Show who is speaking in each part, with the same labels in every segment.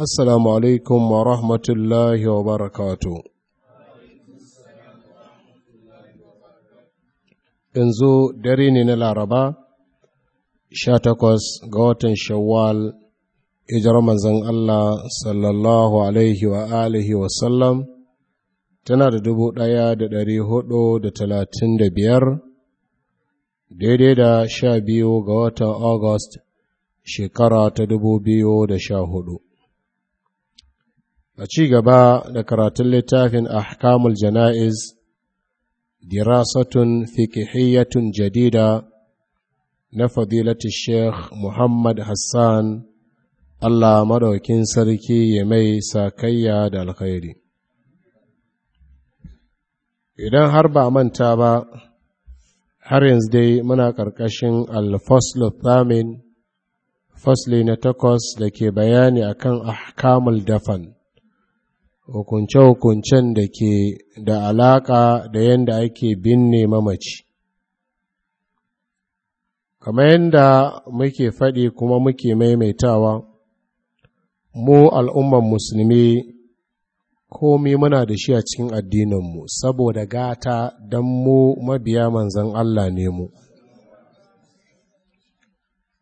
Speaker 1: Assalamu alaikum wa rahmatullahi wa barakatu. Yanzu dare ne na Laraba, sha takwas ga watan Shawwal, ijar manzan Allah sallallahu tana da dubu ɗaya da ɗari hudu da talatin da biyar, daidai da sha biyu ga watan August, shekara ta dubu biyu da sha hudu. a ci gaba da karatun littafin ahkamul jana'iz dirasatun fikihiyatun jadida na fadilatun sheikh muhammad hassan allah maɗaukin sarki ya mai sakayya da alkhairi idan har ba manta ba har yanzu dai muna ƙarƙashin alfaslu thamin fasli na takwas da ke bayani akan ahkamul dafan hukunce-hukuncen da ke da alaƙa da yadda ake binne mamaci kamar yadda muke faɗi kuma muke maimaitawa mu al'umman musulmi komi muna da shi a cikin addininmu saboda gata don mu mabiya manzan Allah ne mu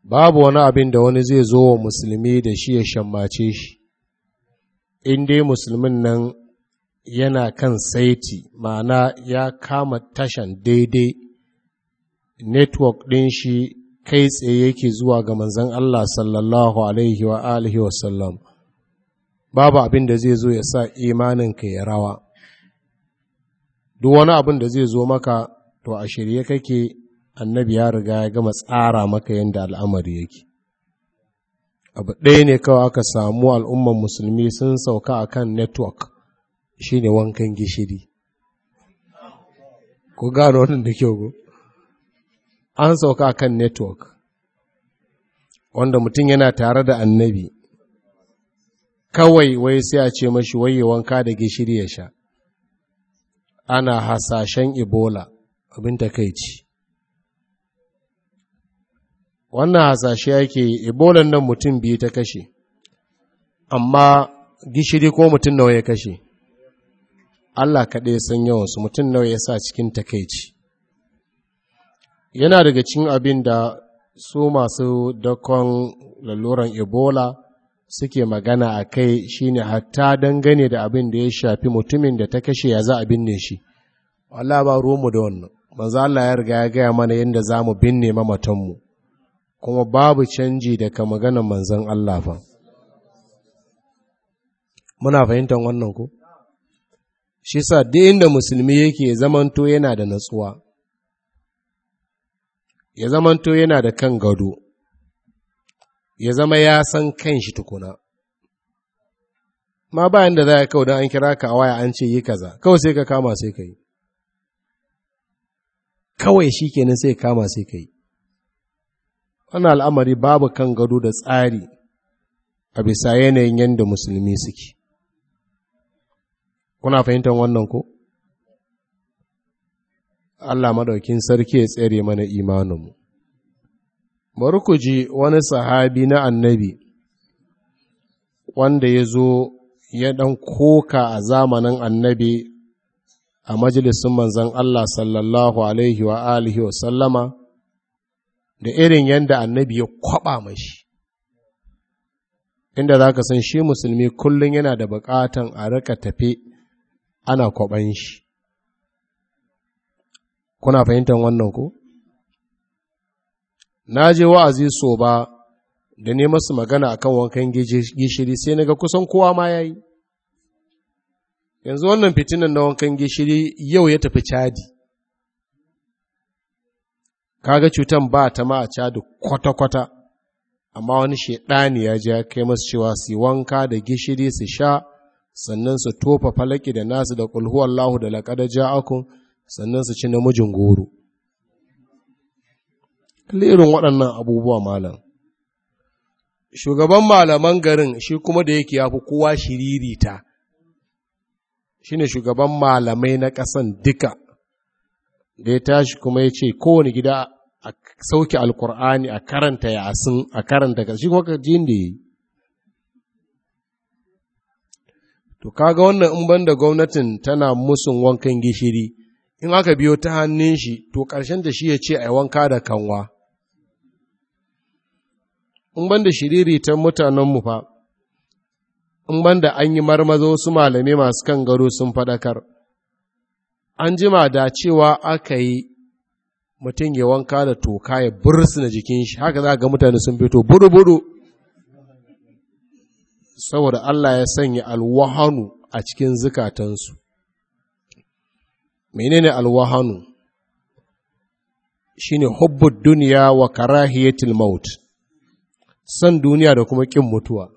Speaker 1: babu wani abin da wani zai zo wa musulmi da shi ya shammace shi in dai musulmin nan yana kan saiti ma'ana ya kama tashan daidai network ɗin shi kai tsaye yake zuwa ga manzan Allah sallallahu alaihi wa alihi wasallam babu abin da zai zo ya sa imaninka ya rawa duk wani abin da zai zo maka to a shirye kake annabi ya riga ya gama tsara maka yadda al'amari yake abu ɗaya ne kawai aka samu al'umman musulmi sun sauka akan network shi ne wankan gishiri ku gano wannan da kyau go an sauka akan network wanda mutum yana tare da annabi kawai wai sai a ce mashi waye wanka da gishiri ya sha ana hasashen ebola abin takaici wannan hasashe yake yi ebolan nan mutum biyu ta kashe amma gishiri ko mutum nawa ya kashe Allah kaɗai san yawansu mutum nawa ya sa cikin takaici yana daga cikin abin da su masu dakon laluran ebola suke magana a kai shine hatta dangane da abin da ya shafi mutumin da ta kashe ya za a binne shi Allah ba ruwanmu da wannan manzo Allah ya riga ya gaya mana yadda za mu binne mamatanmu kuma babu canji daga maganar manzan Allah ba muna fahimtar wannan ku? shi sa duk inda musulmi yake zamanto yana da natsuwa ya zamanto yana da kan gado ya zama ya san kan shi tukuna ma bayan da za a kawo don an kira ka a waya an ce yi kaza kawai sai ka kama sai ka yi kawai shi kenan sai kama sai ka yi wannan al'amari babu kan gado da tsari a bisa yanayin yadda musulmi suke kuna fahimtar wannan ko Allah madaukin sarki ya tsere mana imaninmu bari ku ji wani sahabi na annabi wanda ya zo ya ɗan koka a zamanin annabi a majalisun Manzon Allah sallallahu Alaihi wa alihi wa sallama da irin yadda annabi ya kwaba mashi inda za ka san shi musulmi kullum yana da bukatan a rika tafe ana kwaban shi kuna fahimtar wannan ko na je wa'azi so ba da ne masu magana kan wankan gishiri sai naga kusan kowa ma ya yi. yanzu wannan fitinan na wankan gishiri yau ya tafi cadi kaga cutan ba ta ma a cadu kwata-kwata amma wani shaidani ya ji ya kai masu cewa su wanka da gishiri su sha sannan su tofa falaki da nasu da kulhu lahu da laƙada ja'akun sannan su ci namijin goro lirin waɗannan abubuwa malam shugaban malaman garin shi kuma da yake ya fi kowa shiririta shi ne shugaban malamai na ƙasan duka da ya tashi kuma ya ce kowane gida sauke alkur'ani a karanta sun a karanta shi kuma jin da yi to kaga wannan in banda gwamnatin tana musun wankan gishiri in aka biyo ta hannun shi to ƙarshen da shi ya ce ai wanka da kanwa in banda shiriri ta mutanenmu fa in banda an yi marmazo su malami masu kan gado sun fadakar an jima da cewa aka yi mutum ya wanka da toka ya na jikin shi haka za ga mutane sun fito buru-buru saboda Allah ya sanya alwahanu a cikin zukatansu menene alwahanu shine hubbud duniya wa karahiyatil maut san duniya da kuma kin mutuwa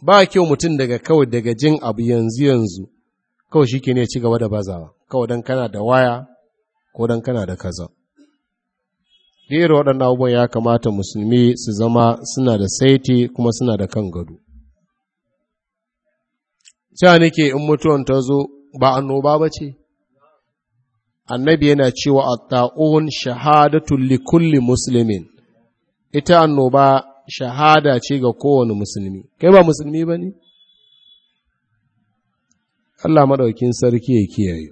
Speaker 1: ba kyau mutum daga kawai daga jin abu yanzu yanzu kawai shi ke ne ci gaba da bazawa kawai don kana da waya ko don kana da kaza irin waɗannan abubuwan ya kamata musulmi su zama suna da saiti kuma suna da kan gado cewa nake in mutuwan ta zo ba annoba ba ce annabi yana cewa a ta'un shahadatun likulli musulmin ita annoba shahada ce ga kowane musulmi kai ba musulmi ba ne Allah maɗaukin sarki ya kiyaye.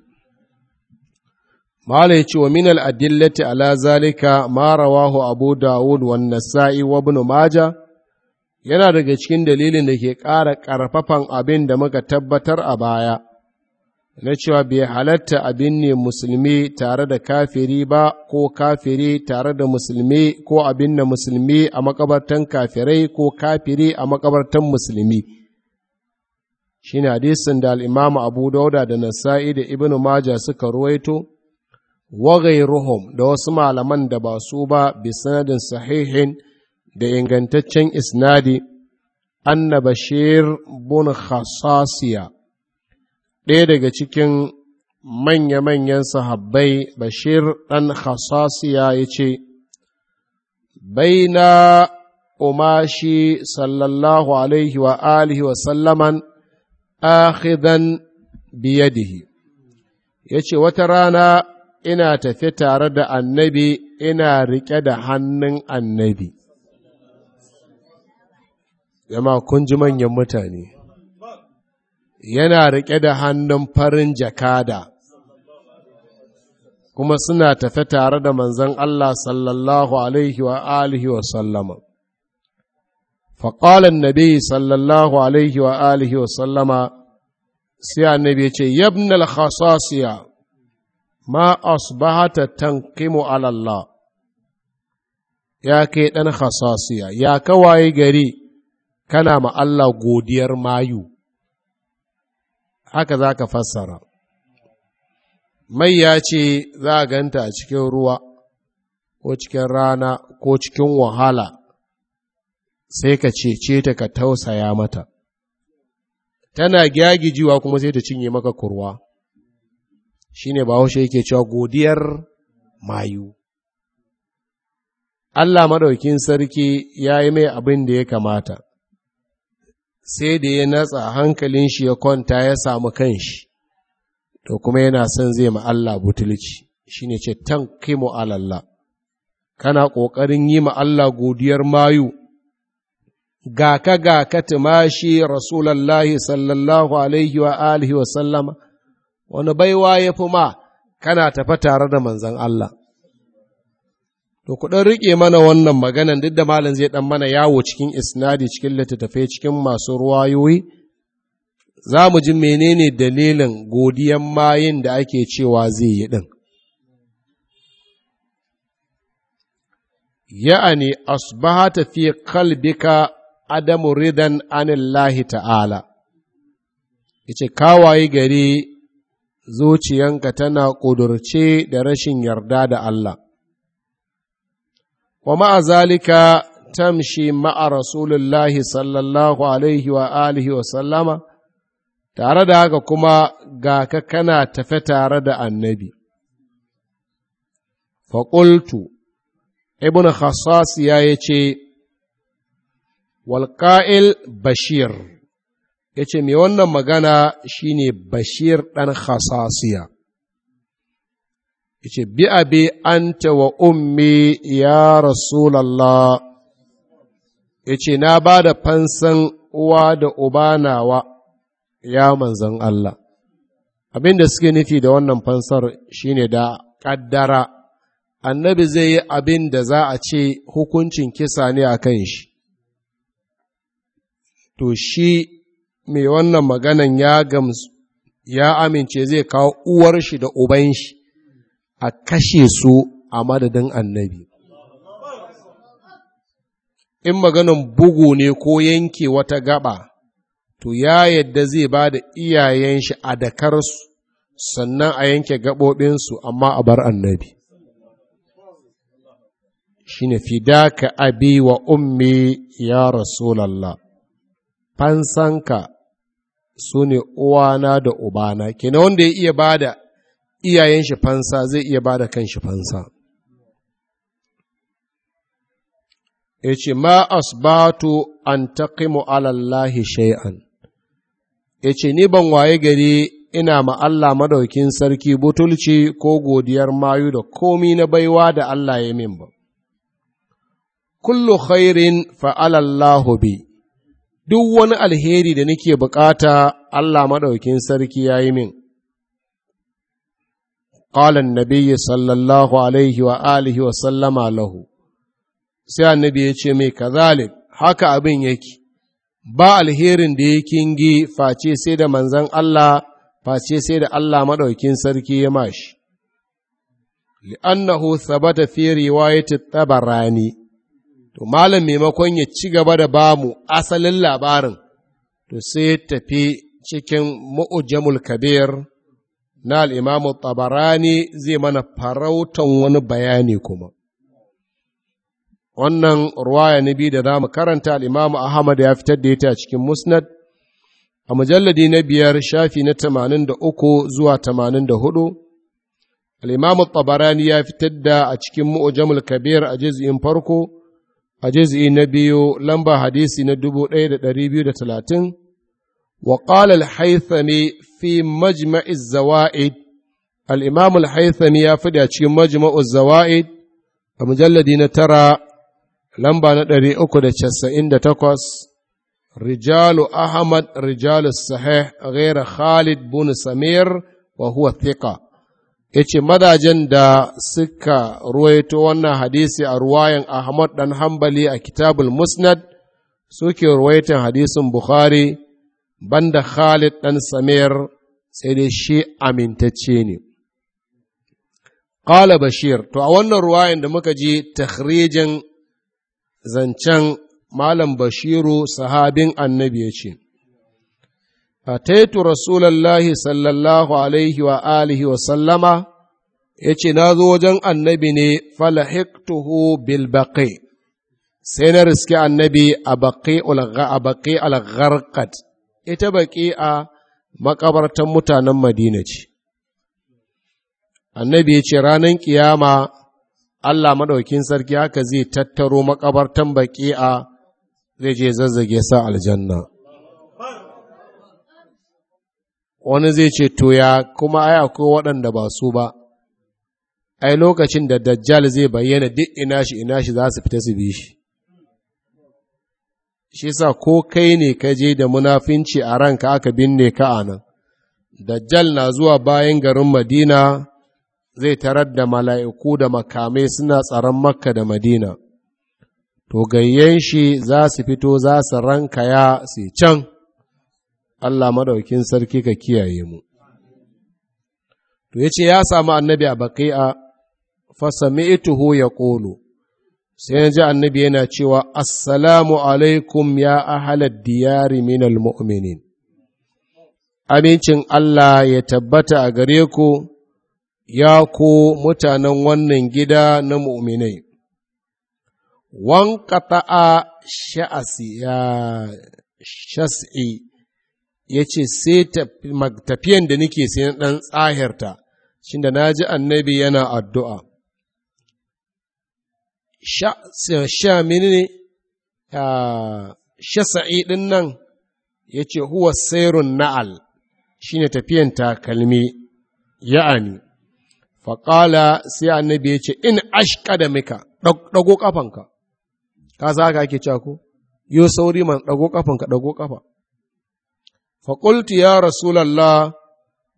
Speaker 1: Mala ya ce wa minal adillati ala zalika ma rawahu Abu Dawud wa Nasa'i wa Ibn Majah yana daga cikin dalilin da ke ƙara ƙarfafan abin da muka tabbatar a baya na cewa bai halatta abin ne musulmi tare da kafiri ba ko kafiri tare da musulmi ko abin da musulmi a makabartan kafirai ko kafiri a makabartan musulmi. shine hadisin da al'imamu abu dauda da nasa'i da Ibn maja suka ruwaito wa ghairuhum da wasu malaman da ba su ba bi sanadin sahihin da ingantaccen isnadi anna bashir bun khasasiya ɗaya daga cikin manya-manyan sahabbai bashir ɗan khasasiya ya ce baina umashi sallallahu alaihi wa alihi wa sallaman akhidan biyadihi yace wata rana ina tafe tare da annabi ina riƙe da hannun annabi yamma kun ji manyan mutane yana riƙe da hannun farin jakada kuma suna tafe tare da manzon Allah sallallahu alaihi wa alihi wa sallama فقال النبي صلى الله عليه وآله وسلم سيا النبي يا ابن الخصاصية ما أصبحت تنقم على الله يا كي أنا خصاصية يا كواي غري كان مع الله غودير مايو هكذا كفسر mai ya ce za a ganta a cikin ruwa ko cikin rana ko cikin wahala sai ka cece ta ka tausaya mata tana gyagijiwa kuma sai ta cinye maka kurwa Shi ne ba haushe yake cewa godiyar mayu Allah Maɗaukin sarki ya yi mai abin da ya kamata sai da ya natsa hankalin shi ya kwanta ya samu kanshi to kuma yana son zai ma Allah butulci ne ce tanqimu ala Allah kana ƙoƙarin yi ma Allah godiyar mayu gaka gaka tumashi rasulallahi sallallahu alaihi wa alihi wa sallama wani baiwa ya fi ma kana tafa tare da manzan Allah to ku dan rike mana wannan maganan duk da malam zai ɗan mana yawo cikin isnadi cikin littattafai cikin masu ruwayoyi za mu ji menene dalilin godiyan mayin da ake cewa zai yi din ya'ani asbahata fi kalbika adamu ridan anillahi ta'ala ice kawaye gari zuciyanka tana ƙudurce da rashin yarda da Allah wa ma'a zalika tamshi ma'a rasulullahi sallallahu alaihi wa alihi wa sallama tare da haka kuma ga ka kana tafe tare da annabi faƙultu ibn khassas ya ce walƙa'il bashir ya ce mai wannan magana shine bashir ɗan hasasiya ya ce bi abi an wa ummi ya rasulallah ya ce na ba da fansan uwa da ubanawa ya manzan Allah abin da suke nufi da wannan fansar shine da ƙaddara annabi zai yi abin da za a ce hukuncin kisa ne a kan shi to shi mai wannan maganan ya gamsu ya amince zai kawo uwar shi da uban shi a kashe su a madadin annabi in maganan bugu ne ko yanke wata gaba to ya yadda zai ba da iyayen shi a dakar su sannan a yanke gaɓoɓinsu amma a bar annabi shi ne fidaka abi wa ummi ya rasulallah fansanka su ne uwana da ubana kenan wanda ya iya ba da iyayen shi fansa zai iya ba da kan shi fansa ya ce ma asbatu an taqimu alallahi shay'an ya ce ni ban waye gari ina ma Allah madaukin sarki butulci ko godiyar mayu da komi na baiwa da Allah ya min ba kullu khairin fa bi duk wani alheri da nake bukata Allah maɗaukin sarki ya yi min. Ƙalan Nabi sallallahu Alaihi wa alihi wa sallama lahu, sai annabi ya ce mai kazalik haka abin yake, ba alherin da ya kingi face sai da manzan Allah, face sai da Allah maɗaukin sarki ya mashi. li'annahu sabata fi riwayati tabarani to malam maimakon ya ci gaba da bamu asalin labarin to sai ya tafi cikin mu'ujamul kabir na al'imamu tabarani zai mana farautan wani bayani kuma wannan ruwaya na biyu da za mu karanta al'imamu ahmad ya fitar da ita a cikin musnad a mujalladi na biyar shafi na tamanin da uku zuwa tamanin da hudu al'imamu tabarani ya fitar da a cikin mu'ujamul kabir a jiz'in farko a na biyu lamba hadisi na 1230 wa qala al-haythami fi majma'i zawaid al-imam al-haythami ya fada cikin majma'u zawaid a mujalladi na tara lamba na 398 rijalu ahmad rijalu sahih ghayra khalid Bun samir wa huwa ya ce madajen da suka ruwaito wannan hadisi a ruwayan ahmad dan hambali a kitabul musnad suke ruwaitan hadisin bukhari banda khalid dan samir sai dai shi amintacce ne ƙala bashir to a wannan ruwayan da muka ji takhrijin zancen malam bashiru sahabin annabi ya ce ataitu rasulallahi sallallahu alaihi wa wa sallama ya ce na zo wajen annabi ne falahiktuhu bil baqi riske annabi a baƙi al ita baƙi a makabartan mutanen madina ce annabi ya ce ranar kiyama Allah maɗaukin sarki haka zai tattaro maƙabartar baƙi a zai je zazzage sa aljanna wani zai ce to ya kuma ai akwai waɗanda ba su ba ai lokacin da dajjal zai bayyana duk ina shi ina shi za su fita su bi shi shi sa ko kai ne ka je da munafinci a ranka aka binne ka a nan dajjal na zuwa bayan garin madina zai tarar da mala'iku da makamai suna tsaron makka da madina to gayyen shi za su fito za su ranka ya su can Allah madaukin sarki ka kiyaye mu to yace ya samu annabi a baqi'a fa sami'tuhu yaqulu sai na ji annabi yana cewa assalamu alaikum ya ahalar diyari minal mu'minin amincin Allah ya tabbata a gare ku ya ku mutanen wannan gida na mu'minai wan qata'a sha'asi ya shas'i ya ce sai tafiyan da nake sai na ɗan tsahirta shi da na ji annabi yana addu'a sha mini sha sa'idin nan ya ce huwa sairun na'al shi ne tafiyan takalmi ya'ani faƙala sai annabi ya ce in ashka da mika ɗago ƙafanka ka za ka ake cako, yo sauri man ɗago ƙafanka ɗago ƙafa faƙultu ya rasulallah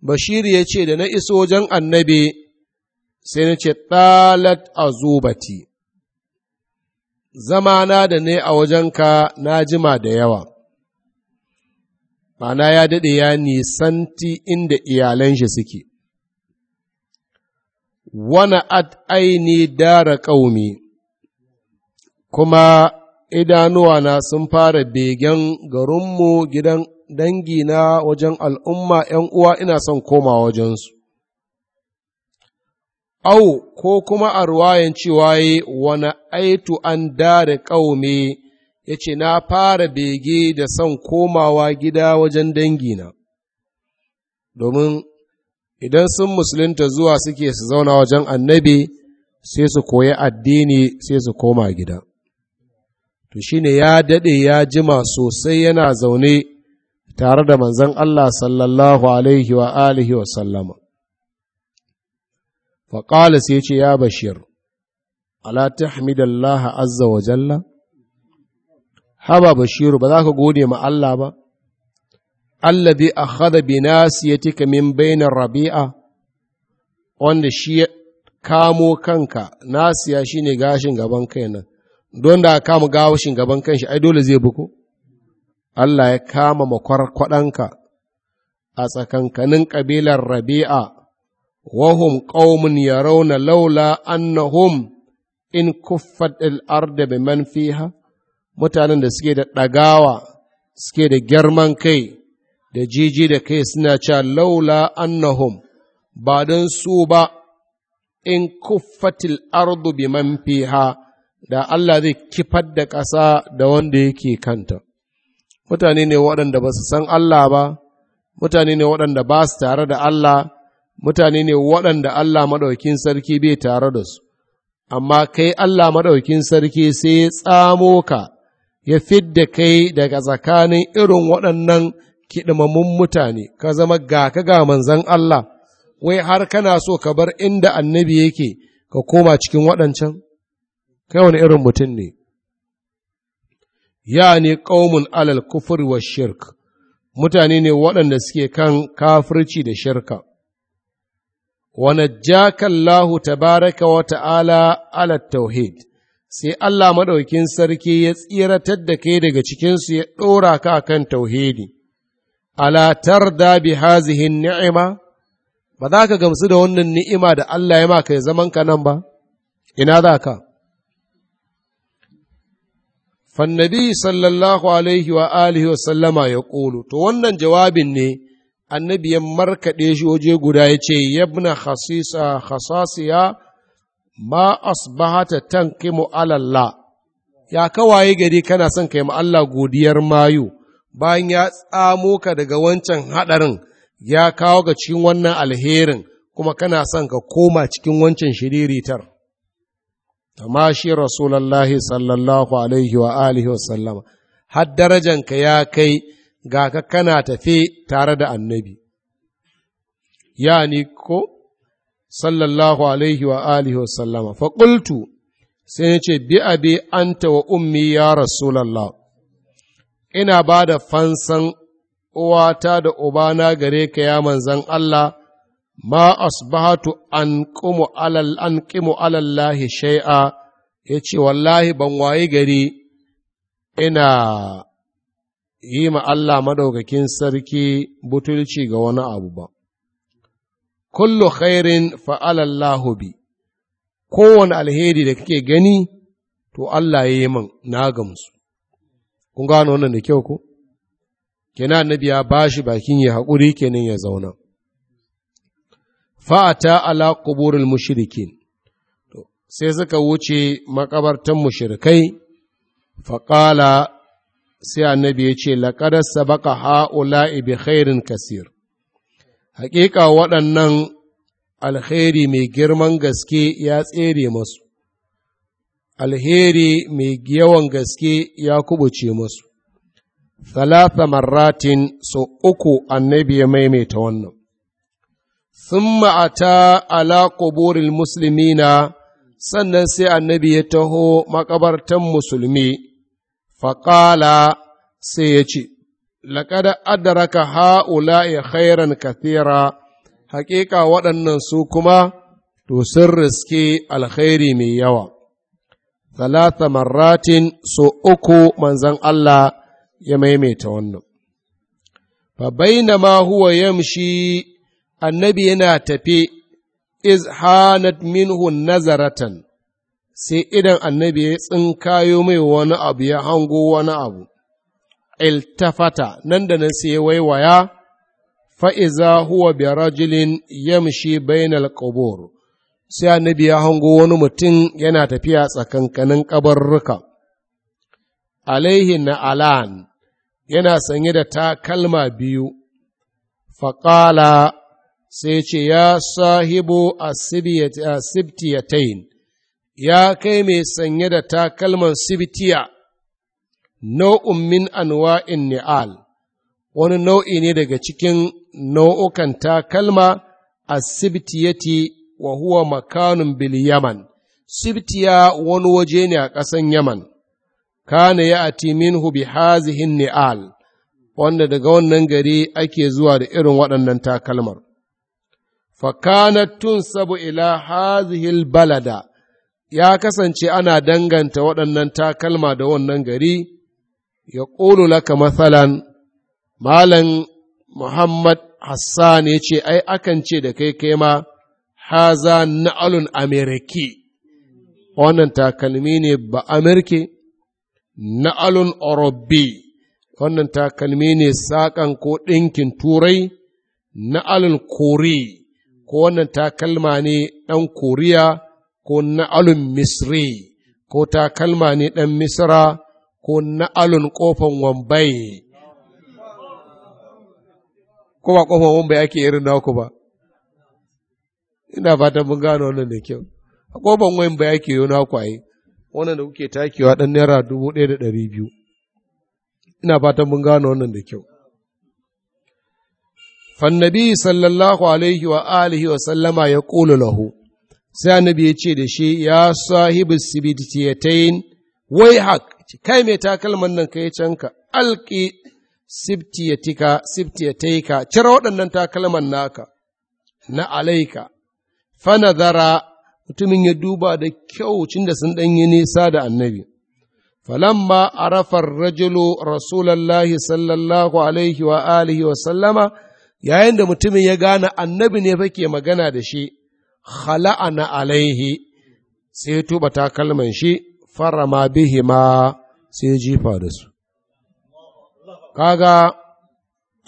Speaker 1: bashir ya ce da na iso wajen annabi sai na ce ɗalat Zama na da ne a wajenka na jima da yawa ma'ana ya daɗe ya nisanti inda iyalan shi suke wana at aini dara ƙaumi kuma idanuwana sun fara begen garinmu gidan dangina wajen al'umma ’yan uwa ina son koma wajensu. Au, ko kuma a ruwayan cewa yi wani aitu an dare ƙaume ya ce, Na fara bege da son komawa gida wajen dangina, domin idan sun musulunta zuwa suke su zauna wajen annabi sai su koyi addini sai su koma gida. to shi ne ya daɗe ya jima sosai yana zaune tare da manzon Allah sallallahu alaihi wa alihi wa sallama faƙala sai ce ya bashir ala tahmidallaha azza wa jalla haba bashiru ba za ka gode ma Allah ba Allah allazi akhadha bi nasiyatika min bainar rabi'a wanda shi kamo kanka nasiya shine gashin gaban kai nan don da kama gashin gaban kanshi ai dole zai buko Allah ya kama makwarkwaɗanka a tsakankanin ƙabilar rabi'a, wahum ƙaumin ya rauna laula annahum in kuffat al'arda bi man fiha, mutanen da suke da ɗagawa, suke da girman kai, da jiji da kai suna cewa laula annahum ba don su ba in kuffatil ardu bi man fiha da Allah zai kifar da ƙasa da wanda yake kanta. mutane ne waɗanda ba su san Allah ba mutane ne waɗanda ba su tare da Allah mutane ne waɗanda Allah maɗaukin sarki bai tare da su amma kai Allah maɗaukin sarki sai ya tsamo ka ya da kai daga tsakanin irin waɗannan kiɗimamun mutane ka zama ga ka ga manzan Allah wai har kana so ka bar inda annabi yake ka koma cikin waɗancan kai wani irin mutum ne ya ne ƙaumin alal kufur wa shirk, mutane ne waɗanda suke kan kafirci da shirka. ونجاك الله wa ta’ala alat tauhid sai Allah maɗaukin sarki ya tsiratar da kai daga cikinsu ya ɗora ka kan tauhidi, alatar da bi hazihin ni'ima, ba za ka gamsu da wannan ni'ima da Allah ya maka ya zaman nan ba, ina za ka? fannabi sallallahu alaihi wa alihi wa sallama ya ƙulu, to wannan jawabin ne annabi ya markaɗe shi waje guda ya ce, yabna khasisa khasasiya ma asbahata tankimu alallah ya kawaye gari kana son kai ma Allah godiyar mayu bayan ya tsamo ka daga wancan haɗarin ya kawo ga cikin wannan alherin kuma kana son ka koma cikin wancan shiriritar Tamashi ma rasulallahi sallallahu alaihi wa alihi wa sallama har darajanka ya kai ga ka kana tafe tare da annabi yani ko sallallahu alaihi wa alihi wa sallama fa qultu sai ya ce bi abi anta wa ummi ya rasulallah ina bada fansan uwata da ubana gare ka ya manzan Allah ma asbahatu an qimu alal an qimu alallahi shay'a yace wallahi ban waye gari ina yi ma Allah madaukakin sarki butulci ga wani abu ba kullu khairin alallahu bi kowane alheri da kake gani to Allah yayi min na gamsu kun gano wannan da kyau ko kenan annabi ya bashi bakin ya hakuri kenan ya zauna fa'ata ala ƙuburin mushirikin, sai suka wuce makabartan mushirikai, faƙala sai annabi ya ce, laƙadar sabaka ha'ula ibi khairin kasir, haƙiƙa waɗannan alheri mai girman gaske ya tsere masu, alheri mai yawan gaske ya kubuce masu. Thalatha marratin so uku annabi ya maimaita wannan. sun ma'ata ala ƙuburin musulmi sannan sai annabi ya taho makabartan musulmi faƙala sai ya ce laƙada adaraka ha'ula ya khairan kathira haƙiƙa waɗannan su kuma to sun riske alkhairi mai yawa talata marratin so uku manzan Allah ya maimaita wannan. Fa bainama huwa yamshi annabi yana tafe iz hanat minhu nazaratan sai idan annabi ya tsinkayo mai wani abu ya hango wani abu iltafata nan da nan sai waiwaya fa'iza huwa bi rajulin yamshi bainal qubur sai annabi ya hango wani mutum yana tafiya tsakankanin kabarruka alaihi na alan yana sanye da takalma biyu faƙala sai ce ya ta asibtiyatain eh, ya kai mai sanye da takalman sibitiya nau'un min anwa'in ni'al wani nau'i ne daga cikin nau'ukan takalma asibtiyati wa huwa makanun bil yaman sibtiya wani waje ne a ƙasan yaman kana ya ati minhu bi hazihin ni'al wanda daga wannan gari ake zuwa da irin waɗannan takalmar fakanat sabu ila hazihil balada ya kasance ana danganta waɗannan takalma da wannan gari ya ƙulu laka matsalan malam Muhammad Hassan ya ce, Ai, akan ce da kai kai ma, haza na'alun Ameriki, wannan takalmi ne ba na'alun Orobi, wannan takalmi ne saƙan ko ɗinkin Turai, na'alun Kori, ko wannan takalma ne ɗan koriya ko na'alun misri ko takalma ne ɗan misra ko na'alun ƙofan wambai ko ba ƙofan wambai ake irin naku ba ina fatan mun gano wannan da kyau a ƙofan wambai ake yi naku a wannan da kuke takewa ɗan naira dubu ɗaya da ɗari biyu ina fatan mun gano wannan da kyau fannabi sallallahu alaihi wa alihi wa sallama ya ƙulu lahu sai annabi ce da shi ya sahibu sibtiyatayn wai hak kai mai takalman nan kai canka alki sibtiyatika sibtiyataika cire waɗannan takalman naka na alaika fanadhara mutumin ya duba da kyau cin da sun ɗanyi nisa da annabi falamma arafar rajulu rasulallahi sallallahu alaihi wa alihi wa sallama yayin da mutumin ya gane annabi ne fake magana da shi khala'ana alaihi sai ya tuba takalman shi farama bihi ma sai ya jifa da su kaga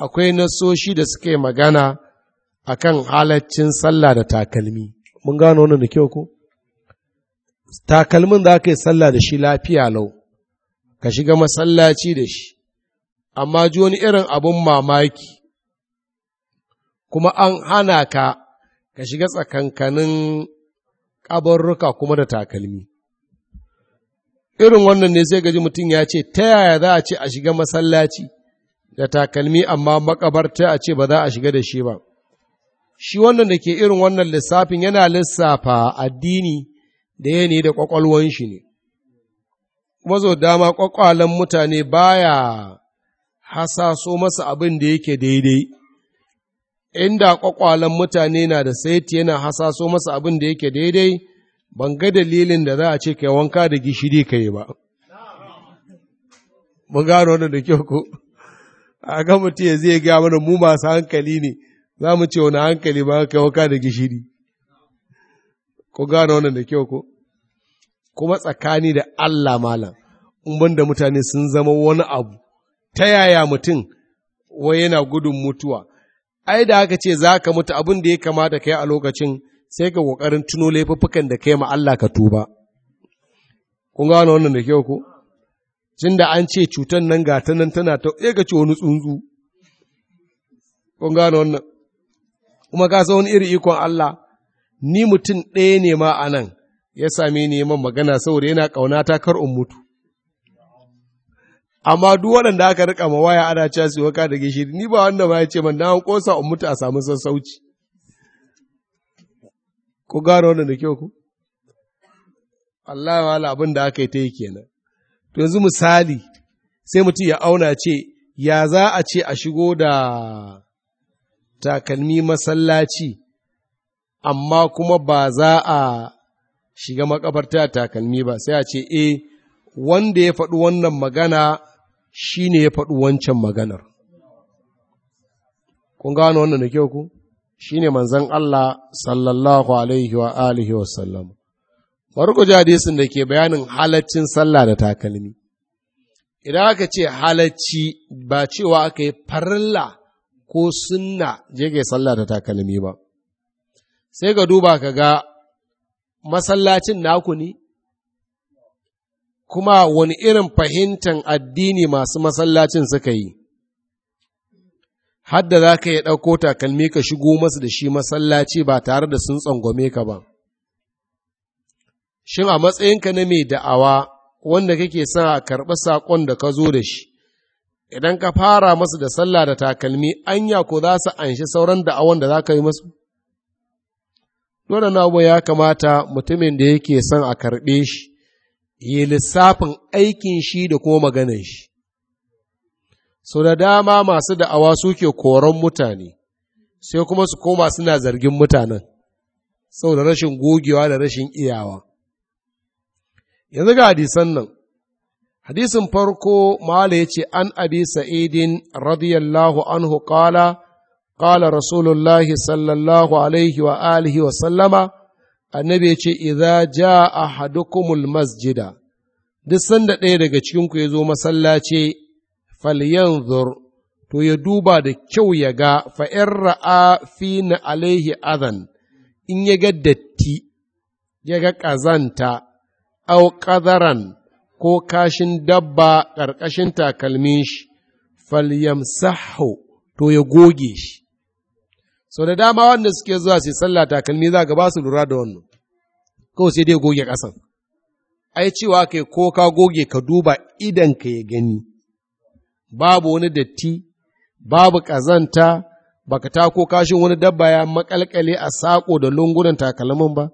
Speaker 1: akwai nasoshi da suke magana akan halaccin sallah da takalmi mun gano wannan da kyau ko takalmin da aka yi sallah da shi lafiya lau ka shiga masallaci da shi amma ji wani irin abin mamaki kuma an hana ka ka shiga tsakankanin ƙabarruka kuma da takalmi. Irin wannan ne sai gaji mutum ya ce, ta yaya za a ce a shiga masallaci da takalmi amma makabarta a ce ba za a shiga da shi ba. Shi wannan da ke irin wannan lissafin yana lissafa addini da yanayi da ƙwaƙwalwan shi ne. Mazo dama ƙwaƙwalan mutane baya hasaso masa abin da yake daidai. inda kwakwalen mutane na da saiti yana hasaso masa abin da yake daidai ban ga dalilin da za a ce kai wanka da gishiri ka yi ba mun gano wannan da kyau ko a ga mutum ya zai gaya mana mu masu hankali ne za mu ce wani hankali ba kai wanka da gishiri ko gano wannan da kyau ko kuma tsakani da Allah malam in banda mutane sun zama wani abu ta yaya mutum wai yana gudun mutuwa ai da aka ce za ka mutu abin da ya kamata kai a lokacin sai ka ƙoƙarin tuno laifuffukan da kai ma Allah ka tuba. Kun gano wannan da kyau ko? Cin da an ce cutar nan ga ta nan tana ta ɗaya ka ce wani tsuntsu. Kun gano wannan. Kuma ka san wani iri ikon Allah, ni mutum ɗaya ne ma a nan, ya same neman magana saboda yana ƙaunata kar in mutu. amma duk waɗanda aka rika ma waya ana cewa su waka da gishiri ni ba wanda ba ya ce man na kosa in mutu a samu sassauci ku gano wannan da kyau ku Allah ya wala abin da aka yi ta yi kenan to yanzu misali sai mutum ya auna ce ya za a ce a shigo da takalmi masallaci amma kuma ba za a shiga makabarta takalmi ba sai a ce eh wanda ya faɗi wannan magana shi ne ya faɗi wancan maganar. Kun gano wannan da kyau ku? Shi ne manzan Allah sallallahu alaihi wa alihi wa sallam. Marko hadisin da ke bayanin halaccin sallah da takalmi. Idan aka ce halacci ba cewa aka yi farilla ko sunna je ga sallah da takalmi ba. Sai ka duba ka ga masallacin naku ne, kuma wani irin fahimtar addini masu masallacin suka yi, hadda za ka yi ɗauko takalmi ka shigo masu da shi masallaci ba tare da sun tsangwame ka ba. Shin a matsayinka na mai da'awa wanda kake sa a karɓi saƙon da ka zo da shi, idan ka fara masu da sallah da takalmi anya ko za su anshi sauran da'awan da za ka yi masu? Dole na ya kamata mutumin da yake son a karɓe shi, yi lissafin aikin shi da kuma maganar shi. Sau da dama masu da'awa suke koron mutane, sai kuma su koma suna zargin mutanen, sau da rashin gogewa da rashin iyawa. Yanzu ga hadisan nan, hadisin farko Mala ya ce, An abi sa'idin radiyallahu anhu kala, kala Rasulullahi sallallahu alaihi wa alihi wa sallama, annabi ya ce idza jaa ahadukumul masjida duk sanda ɗaya daga cikin ku ya zo masallaci falyanzur to ya duba da kyau ya ga fa in ra'a fi na alaihi adhan in ya ga datti ya ga kazanta, au ko kashin dabba ƙarƙashin takalmin shi falyamsahu to ya goge shi sau da dama wanda suke zuwa su sallah takalmi za ga ba su lura da wannan kawai sai dai goge kasan ai cewa kai ko ka goge ka duba idan ka ya gani babu wani datti babu ƙazanta baka tako kashin wani dabba ya makalkale a sako da lungunan takalmin ba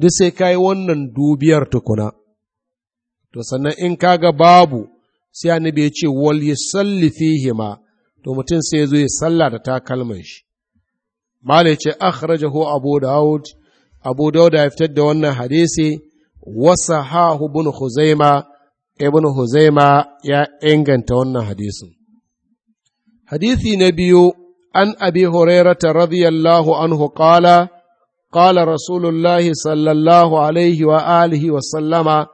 Speaker 1: duk sai ka yi wannan dubiyar tukuna to sannan in ka ga babu sai annabi ya ce wal yusalli to mutum sai ya zo ya sallah da takalmin shi malai ce akhrajahu abu daud abu daud ya fitar da wannan hadisi wasa hahu ibn huzaima ibn huzaima ya inganta wannan hadisi. hadisi na biyu an abi hurairata radiyallahu anhu qala qala rasulullahi sallallahu alaihi wa alihi wa sallama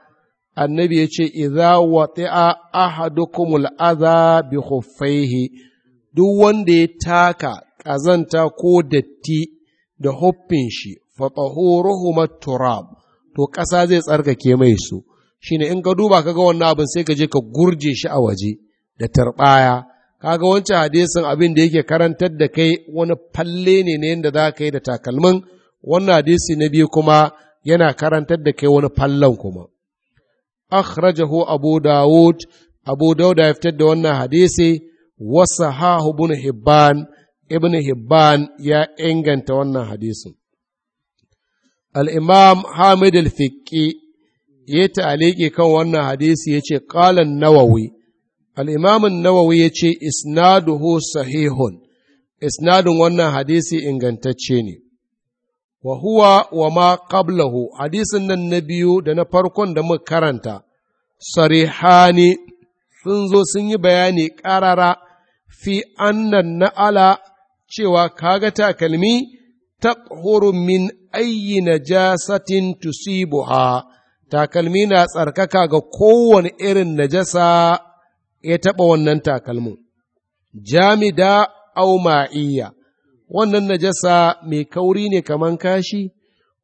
Speaker 1: annabi ya ce, Iza wati'a ahadukumul aza bi khuffaihi duk wanda ya taka ƙazanta ko datti da hoffin shi fatahuruhuma turab to ƙasa zai tsarkake mai su shine in ka duba kaga wannan abin sai ka je ka gurje shi a waje da tarbaya kaga wancan hadisin abin da yake karantar da kai wani falle ne na yadda za ka yi da takalmin wannan hadisi na biyu kuma yana karantar da kai wani fallon kuma akhrajahu abu dawud abu dawud ya fitar da wannan hadisi wasahahu ibn hibban ibn Hibban ya inganta wannan hadisin. Al'imam Hamid al-Fiqi ya ta'aliki kan wannan hadisi ya ce, Ƙalan Nawawi, al'imamin Nawawi ya ce, Isnaduhu sahihun, isnadun wannan hadisi ingantacce ne. wa huwa wa ma qablahu hadisin nan na biyu da na farkon da muka karanta sarihani sun zo sun yi bayani ƙarara fi annan na'ala cewa kaga takalmi taqhuru min ayyi najasatin tusibuha takalmi na tsarkaka ga kowane irin najasa ya taɓa wannan takalmin jamida au ma'iyya wannan najasa mai kauri ne kaman kashi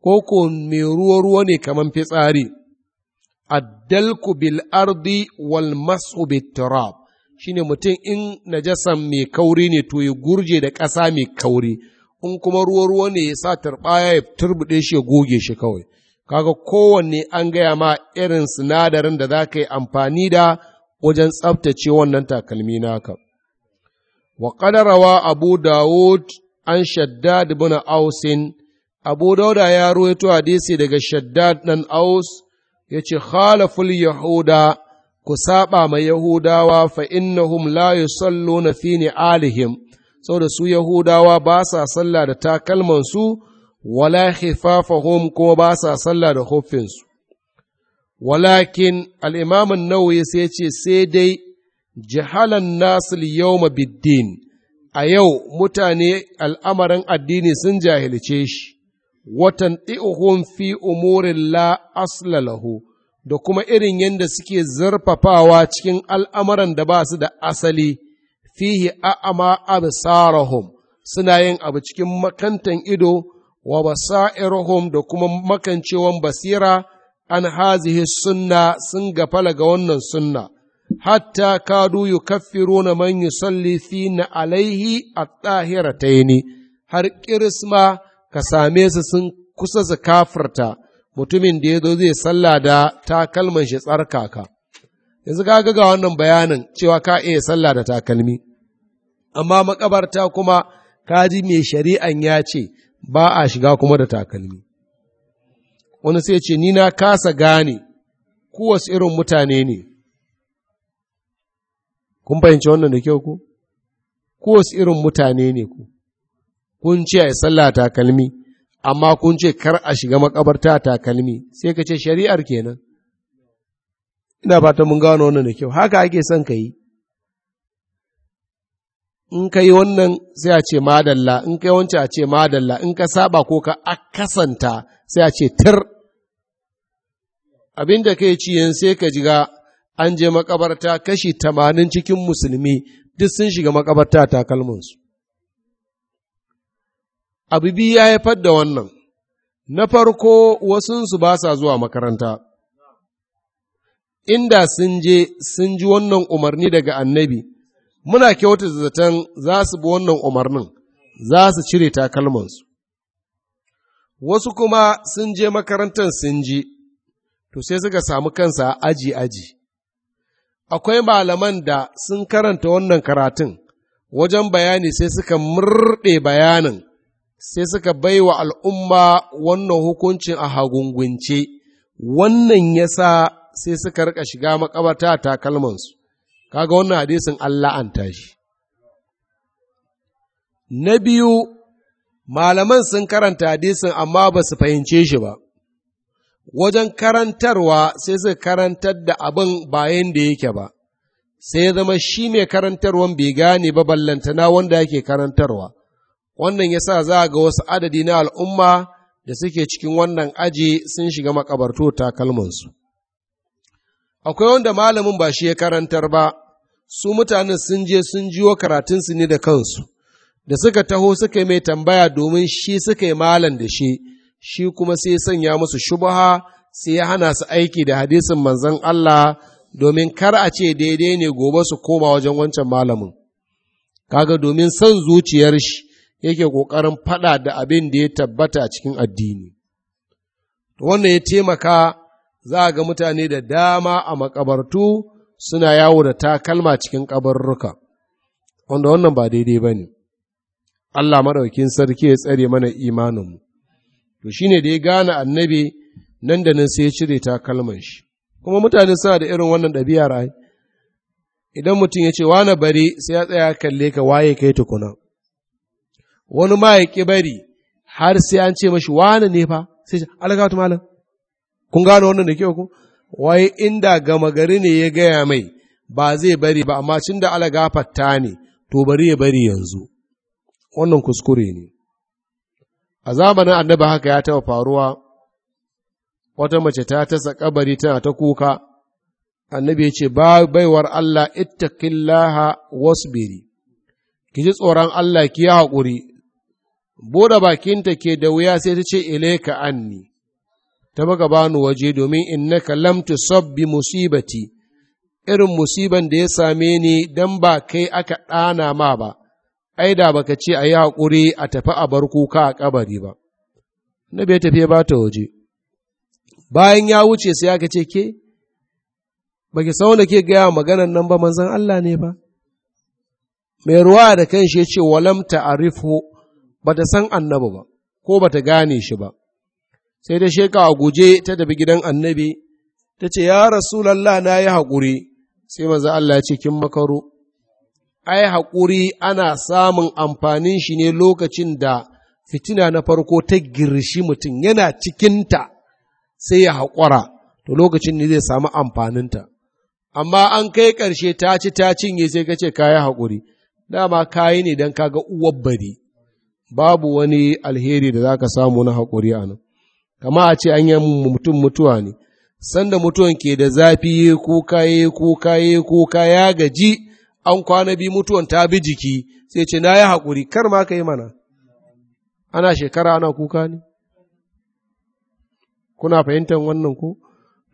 Speaker 1: ko ko mai ruwa-ruwa ne kaman fitsari addalku bil ardi wal masu turab shine mutum in najasan mai kauri ne to ya gurje da ƙasa mai kauri in kuma ruwa-ruwa ne ya sa turɓaya ya turbuɗe shi ya goge shi kawai kaga kowanne an gaya ma irin sinadarin da za ka yi amfani da wajen tsabtace wannan takalmi naka wa ƙadarawa abu dawud an shaddad bin ausin abu dauda ya ruwaito hadisi daga shaddad dan aus yace ce khalaful yahuda ku saba ma Yahudawa fa innahum la yusalluna fi ni'alihim saboda su Yahudawa ba sa sallah da takalman su wala khifafahum kuma ba sa sallah da huffin su walakin al-imam an-nawawi sai ce sai dai jahalan nasil yawma biddin a yau mutane al'amarin addini sun jahilce shi watan ɗi'uhun fi umurin la aslalahu da kuma irin yadda suke zarfafawa cikin al'amuran da ba su da asali, fihi a'ama absarahum suna yin abu cikin makantan ido wa basairahum da kuma makancewan basira an hazihi sunna sun gafala ga wannan sunna. hatta kadu yukaffiruna man yusalli na alaihi at-tahirataini har kirisma ka same su sun kusa su kafirta mutumin da ya zo zai sallah da takalman shi tsarkaka yanzu ka ga wannan bayanin cewa ka iya sallah da takalmi amma makabarta kuma kaji mai shari'an ya ce ba a shiga kuma da takalmi wani sai ce ni na kasa gane ku wasu irin mutane ne kun fahimci wannan da kyau ku ku irin mutane ne ku kun ce a yi sallah takalmi amma kun ce kar a shiga makabarta takalmi sai ka ce shari'ar kenan ina fata mun gano wannan da kyau haka ake son ka yi in ka yi wannan sai a ce madalla in ka yi wancan a ce madalla in ka saba ko ka akasanta sai a ce tir abin ka yi ciyen sai ka jiga an je makabarta kashi tamanin cikin musulmi duk sun shiga makabarta takalminsu abu biyu ya haifar da wannan, na farko wasunsu ba sa zuwa makaranta, inda sun je sun ji wannan umarni daga annabi, muna kyauta zaton za su bi wannan umarnin, za su cire takalmansu. Wasu kuma sun je makarantar sun ji, to sai suka samu kansa aji-aji. Akwai malaman da sun karanta wannan karatun, wajen bayani sai suka murɗe bayanin. sai suka baiwa al'umma wannan hukuncin a hagungunce, wannan ya sa sai suka rika shiga makabarta takalmansu, kaga wannan hadisin Allah an tashi. Na biyu, malaman sun karanta hadisin amma ba su fahimce shi ba, wajen karantarwa sai suka karantar da abin bayan da yake ba, sai ya zama shi mai karantarwan bai gane ba ballantana wanda yake karantarwa. wannan ya sa za ga wasu adadi na al'umma da suke cikin wannan aji sun shiga makabarto takalmansu. Akwai wanda malamin ba shi ya karantar ba, su mutanen sun je sun jiwo karatunsu ne da kansu, da suka taho suka yi mai tambaya domin shi suka yi malam da shi, shi kuma sai sanya musu shubaha sai ya hana su aiki da hadisin manzon Allah domin kar a ce daidai ne gobe su koma wajen wancan malamin. Kaga domin son zuciyar shi, yake ƙoƙarin faɗa da abin da ya tabbata a cikin addini. Wannan ya taimaka za a ga mutane da dama a makabartu suna yawo da takalma cikin kabarruka, wanda wannan ba daidai ba ne. Allah maɗaukin sarki ya tsare mana imaninmu. To shi ne da ya gane annabi nan da nan sai ya cire takalman shi. Kuma mutane suna da irin wannan ɗabi'ar ai. Idan mutum ya ce, wane bari sai ya tsaya kalle ka waye kai tukuna. wani ma ya ƙi bari har sai an ce mashi wane ne fa sai alagatu malam kun gano wannan da kyau ko wai inda gama gari ne ya gaya mai ba zai bari ba amma cin da ta ne to bari ya bari yanzu wannan kuskure ne a zamanin annabi haka ya taɓa faruwa wata mace ta tasa kabari tana ta kuka annabi ya ce ba baiwar Allah ittaqillaha wasbiri ki ji tsoron Allah ki yi haƙuri buɗe bakinta ke da wuya sai ta ce ilaika anni ta baka bani waje domin innaka lam sabbi musibati irin musiban da ya same ni dan ba kai aka ɗana ma ba ai da baka ce a yi a tafi a bar kuka a kabari ba na bai tafiye ba ta waje bayan ya wuce sai aka ce ke ba ki sauna ke gaya maganan nan ba manzan Allah ne ba mai ruwa da kan shi ya ce walam ta'arifu ba ta san annabi ba, ko ba ta gane shi ba, sai ta sheka a guje ta tafi gidan annabi, ta ce, Ya Rasulallah na yi haƙuri, sai maza Allah ya ce, Kin makaro, ai, haƙuri ana samun amfanin shi ne lokacin da fitina na farko ta girshi mutum yana cikinta sai ya haƙura, to lokacin ne zai samu amfaninta. Amma an kai ƙarshe ta ci ta cinye sai ka ce ka yi haƙuri, dama kayi ne don ka ga uwar babu wani alheri da za ka samu na haƙuri a nan kama a ce an yi mutum mutuwa ne sanda mutuwan ke da zafi ya kuka ya kuka ya kuka ya gaji an kwana bi mutuwan ta bi jiki sai ce na yi haƙuri kar ma ka yi mana ana shekara ana kuka ne kuna fahimtar wannan ko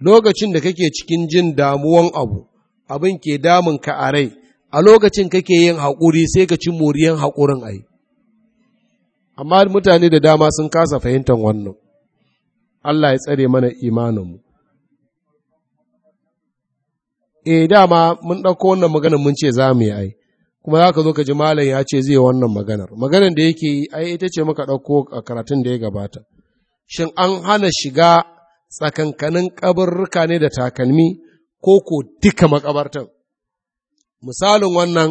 Speaker 1: lokacin da kake cikin jin damuwan abu abin ke damun ka a rai a lokacin kake yin haƙuri sai ka ci moriyan haƙurin ai amma mutane da dama sun kasa fahimtar wannan Allah ya tsare mana imaninmu eh dama mun ɗauko wannan maganar mun ce za mu yi ai kuma za ka zo ka ji malam ya ce zai wannan maganar maganar da yake yi ai ita ce maka ɗauko a karatun da ya gabata shin an hana shiga tsakankanin kaburruka ne da takalmi ko ko duka makabartan misalin wannan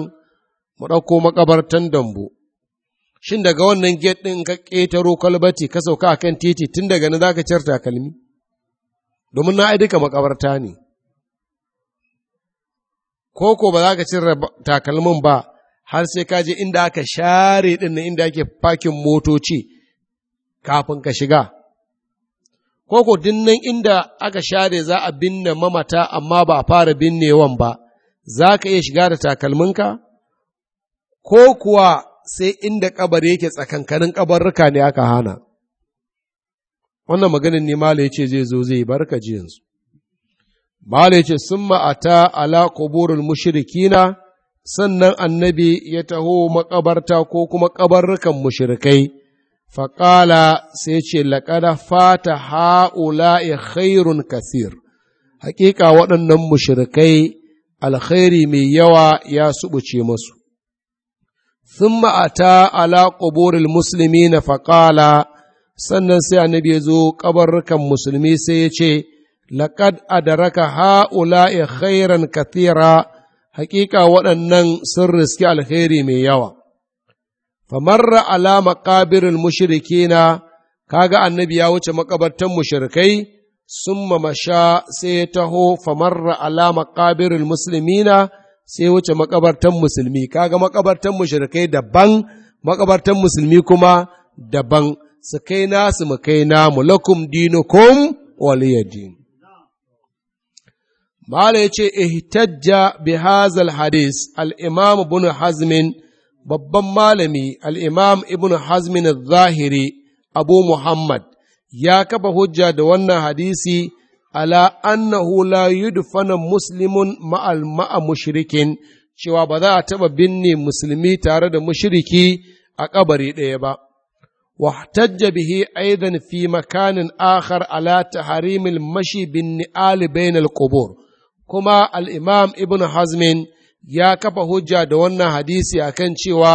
Speaker 1: mu ɗauko makabartan dambu shin daga wannan gate ɗin ka ƙetaro kwalbati ka sauka a kan titi tun daga nan za ka ciyar takalmi domin na duka makabarta ne ko ko ba za ka cire takalmin ba har sai ka je inda aka share ɗin nan inda ake fakin motoci kafin ka shiga ko ko nan inda aka share za a binne mamata amma ba a fara binnewan ba za ka iya shiga da takalminka ko kuwa sai inda ƙabar yake tsakankanin kabarruka ne aka hana wannan maganin ne mala ce zai zo zai barka ji yanzu mala ya ce sun ma'ata ala kuburul mushrikina sannan annabi ya taho maƙabarta ko kuma kabarrukan mushrikai faƙala sai ce laƙada fata ha'ula'i khairun kasir hakika waɗannan mushrikai alkhairi mai yawa ya suɓuce masu ثم أتى على قبور المسلمين فقال sannan sai annabi ya zo kabarrukan musulmi sai ya ce laƙad adaraka ha'ula'i khairan kathira hakika waɗannan sun riski alheri mai yawa famarra ala maqabiril mushrikina kaga annabi ya wuce makabartan mushrikai summa masha sai ya taho famarra ala maqabiril muslimina sai wuce makabartan musulmi kaga makabartan mushrikai daban makabartan musulmi kuma daban su kai nasu mu kai namu lakum dinukum waliyadin Mala ya ce, Ihtajja bi hazal hadis al'imam ibn Hazmin, babban malami al'imam ibn Hazmin zahiri Abu Muhammad, ya kafa hujja da wannan hadisi ala annahu la yudfana muslimun ma'al ma'a mushrikin cewa ba za a taɓa binne musulmi tare da mushiriki a kabari ɗaya ba wa tajja bihi aidan fi makanin akhar ala taharimil mashi bin ni'al bainal qubur kuma al-imam ibn hazmin ya kafa hujja da wannan hadisi akan cewa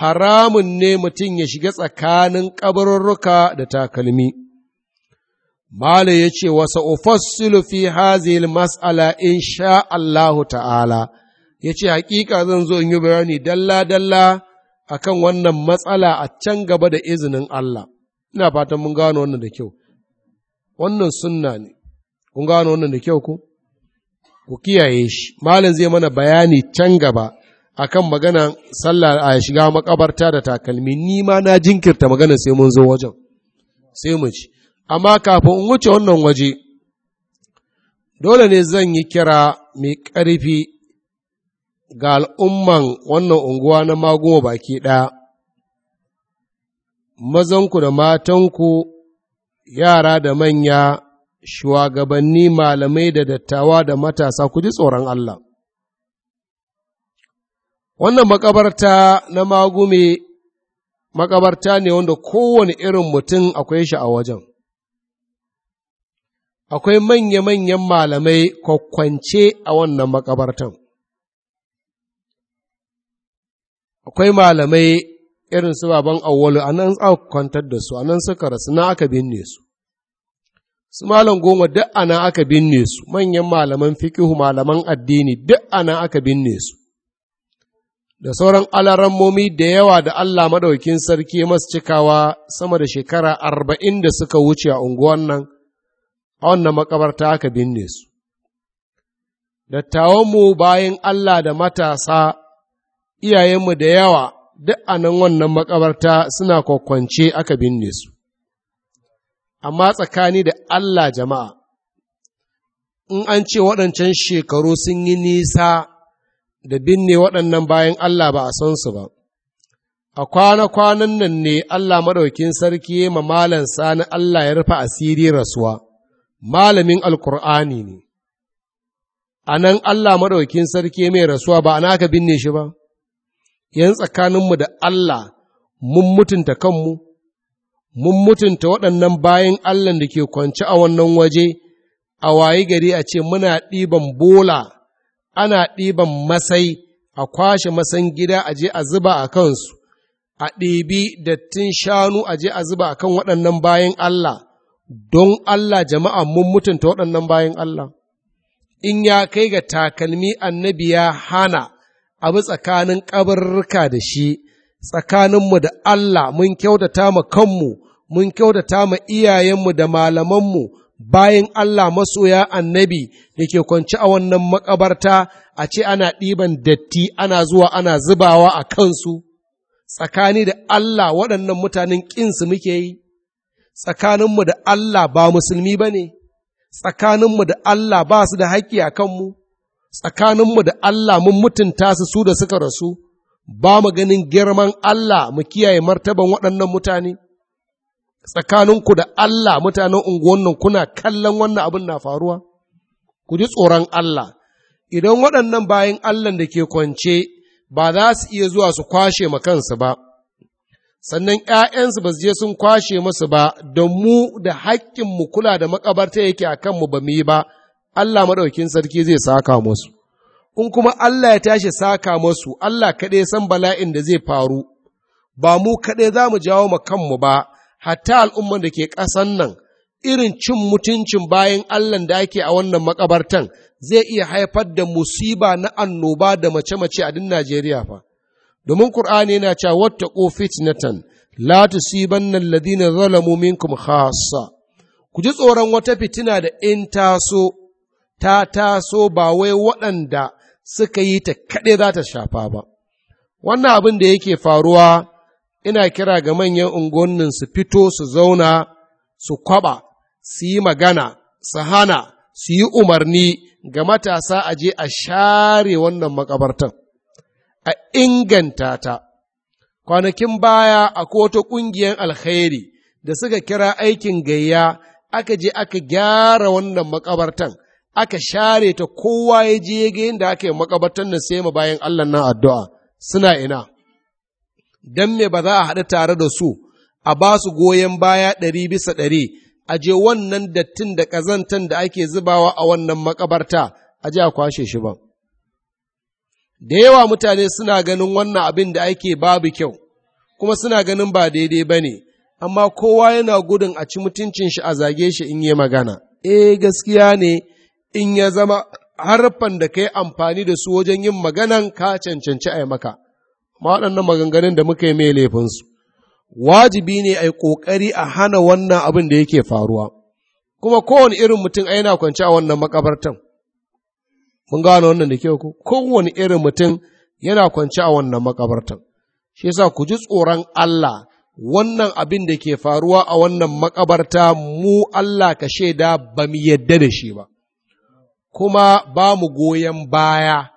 Speaker 1: haramun ne mutum ya shiga tsakanin kabarurruka da takalmi Mala ya ce, Wasa ufassilu fi hazil mas'ala in sha Allahu ta'ala, ya ce, Hakika zan zo in yi bayani dalla-dalla a kan wannan matsala a can gaba da izinin Allah. Ina fatan mun gano wannan da kyau. Wannan sunna ne, kun gano wannan da kyau ku? Ku kiyaye shi, Malin zai mana bayani can gaba a kan maganan sallah a shiga makabarta da takalmi, ni ma na jinkirta maganar sai mun zo wajen, sai mu ci. amma kafin in wuce wannan waje, dole ne zan yi kira mai ƙarfi ga al'umman wannan unguwa na magunwa baki ɗaya, mazanku da matanku, yara da manya, shugabanni malamai da dattawa da matasa ku ji tsoron Allah. Wannan makabarta na magume makabarta ne wanda kowane irin mutum akwai shi a wajen. akwai manya-manyan malamai kwakwance a wannan makabartan. Akwai malamai irin su baban awwalu a nan tsawon kwantar da su, a nan suka rasu na aka binne su. Su malam goma duk ana aka binne su, manyan malaman fikihu malaman addini duk ana aka binne su. Da sauran momi da yawa da Allah madaukin sarki masu cikawa sama da shekara arba'in da suka wuce a unguwan nan. a wannan makabarta aka binne su. Dattawanmu bayan Allah da matasa, iyayenmu da yawa duk a nan wannan makabarta suna kwakwance aka binne su, amma tsakani da Allah jama'a, in an ce waɗancan shekaru sun yi nisa da binne waɗannan bayan Allah ba a san su ba. A kwana-kwanan nan ne Allah maɗaukin sarki ma malansa sani Allah ya rufe asiri rasuwa. malamin alkur'ani ne a nan Allah maɗaukin sarki mai rasuwa ba a aka binne shi ba yan tsakaninmu da Allah mun mutunta kanmu mun mutunta waɗannan bayan Allah da ke kwance a wannan waje a wayi gari a ce muna ɗiban bola ana ɗiban masai a kwashe masan gida a je a zuba a kansu, a ɗibi dattin shanu a je a zuba a kan waɗannan bayan Allah, don Allah jama'a mun mutunta waɗannan bayan Allah, in ya kai ga takalmi annabi ya hana abu tsakanin ƙabarruka da shi, tsakaninmu da Allah mun kyautata ma kanmu, mun kyautata ma iyayenmu da malamanmu, bayan Allah masoya annabi da ke kwanci a wannan makabarta a ce ana ɗiban datti ana zuwa ana zubawa a kansu, tsakani da Allah waɗannan mutanen ƙinsu muke yi. tsakaninmu da Allah ba musulmi ba ne, tsakaninmu da Allah ba su da haƙƙi a kanmu, tsakaninmu da Allah mun mutunta su su da suka rasu, ba mu ganin girman Allah mu kiyaye martaban waɗannan mutane. Tsakaninku da Allah mutanen unguwannan kuna kallon wannan abin na faruwa, ku ji tsoron Allah, idan waɗannan bayan Allah da ke kwance ba za su iya zuwa su kwashe ma kansu ba. sannan ‘ya'yansu ba su je sun kwashe masu ba, don mu da haƙƙinmu kula da makabarta yake a kanmu ba mu yi ba, Allah maɗaukin sarki zai saka masu. In kuma Allah ya tashi saka masu, Allah kaɗai san bala'in da zai faru, ba mu kaɗai za mu jawo ma kanmu ba, hatta al'umman da ke ƙasan nan, irin cin mutuncin bayan Allah da ake a wannan makabartan zai iya haifar da musiba na annoba da mace-mace a din Najeriya fa. domin ƙur'ani yana cewa "Wata wattaqu fitnatan la tusibanna alladhina zalamu minkum khassa ku ji tsoron wata fitina da in taso ta taso ba wai waɗanda suka yi ta kaɗai za ta shafa ba wannan abin da yake faruwa ina kira ga manyan unguwannin su fito su zauna su kwaba su yi magana su hana su yi umarni ga matasa a je a share wannan makabartan a inganta ta. Kwanakin baya a wata ƙungiyar alkhairi da suka kira aikin gayya aka je aka gyara wannan makabartan, aka share ta kowa ya je ga yadda aka yi makabartan na sai ma bayan Allah nan addu'a suna ina. Don me ba za a haɗu tare da su a ba su goyon baya ɗari bisa ɗari a je wannan dattin da ƙazantan da ake zubawa a wannan makabarta a je a kwashe shi ba. da yawa mutane suna ganin wannan abin da ake babu kyau kuma suna ganin ba daidai ba ne amma kowa yana gudun a ci mutuncin shi a zage shi in yi magana e gaskiya ne in ya zama harfan da ka yi amfani da su wajen yin maganan ka cancanci a maka ma waɗannan maganganun da muka yi mai laifinsu wajibi ne a yi ƙoƙari a hana wannan abin da yake faruwa kuma kowane irin mutum a yana kwanci a wannan makabartan Mun gano wannan da ke ku, kowane irin mutum yana kwance a wannan makabartan. Shi yasa ku ji tsoron Allah wannan abin da ke faruwa a wannan makabarta mu Allah ka shaida ba mu yadda da shi ba, kuma ba mu goyon baya,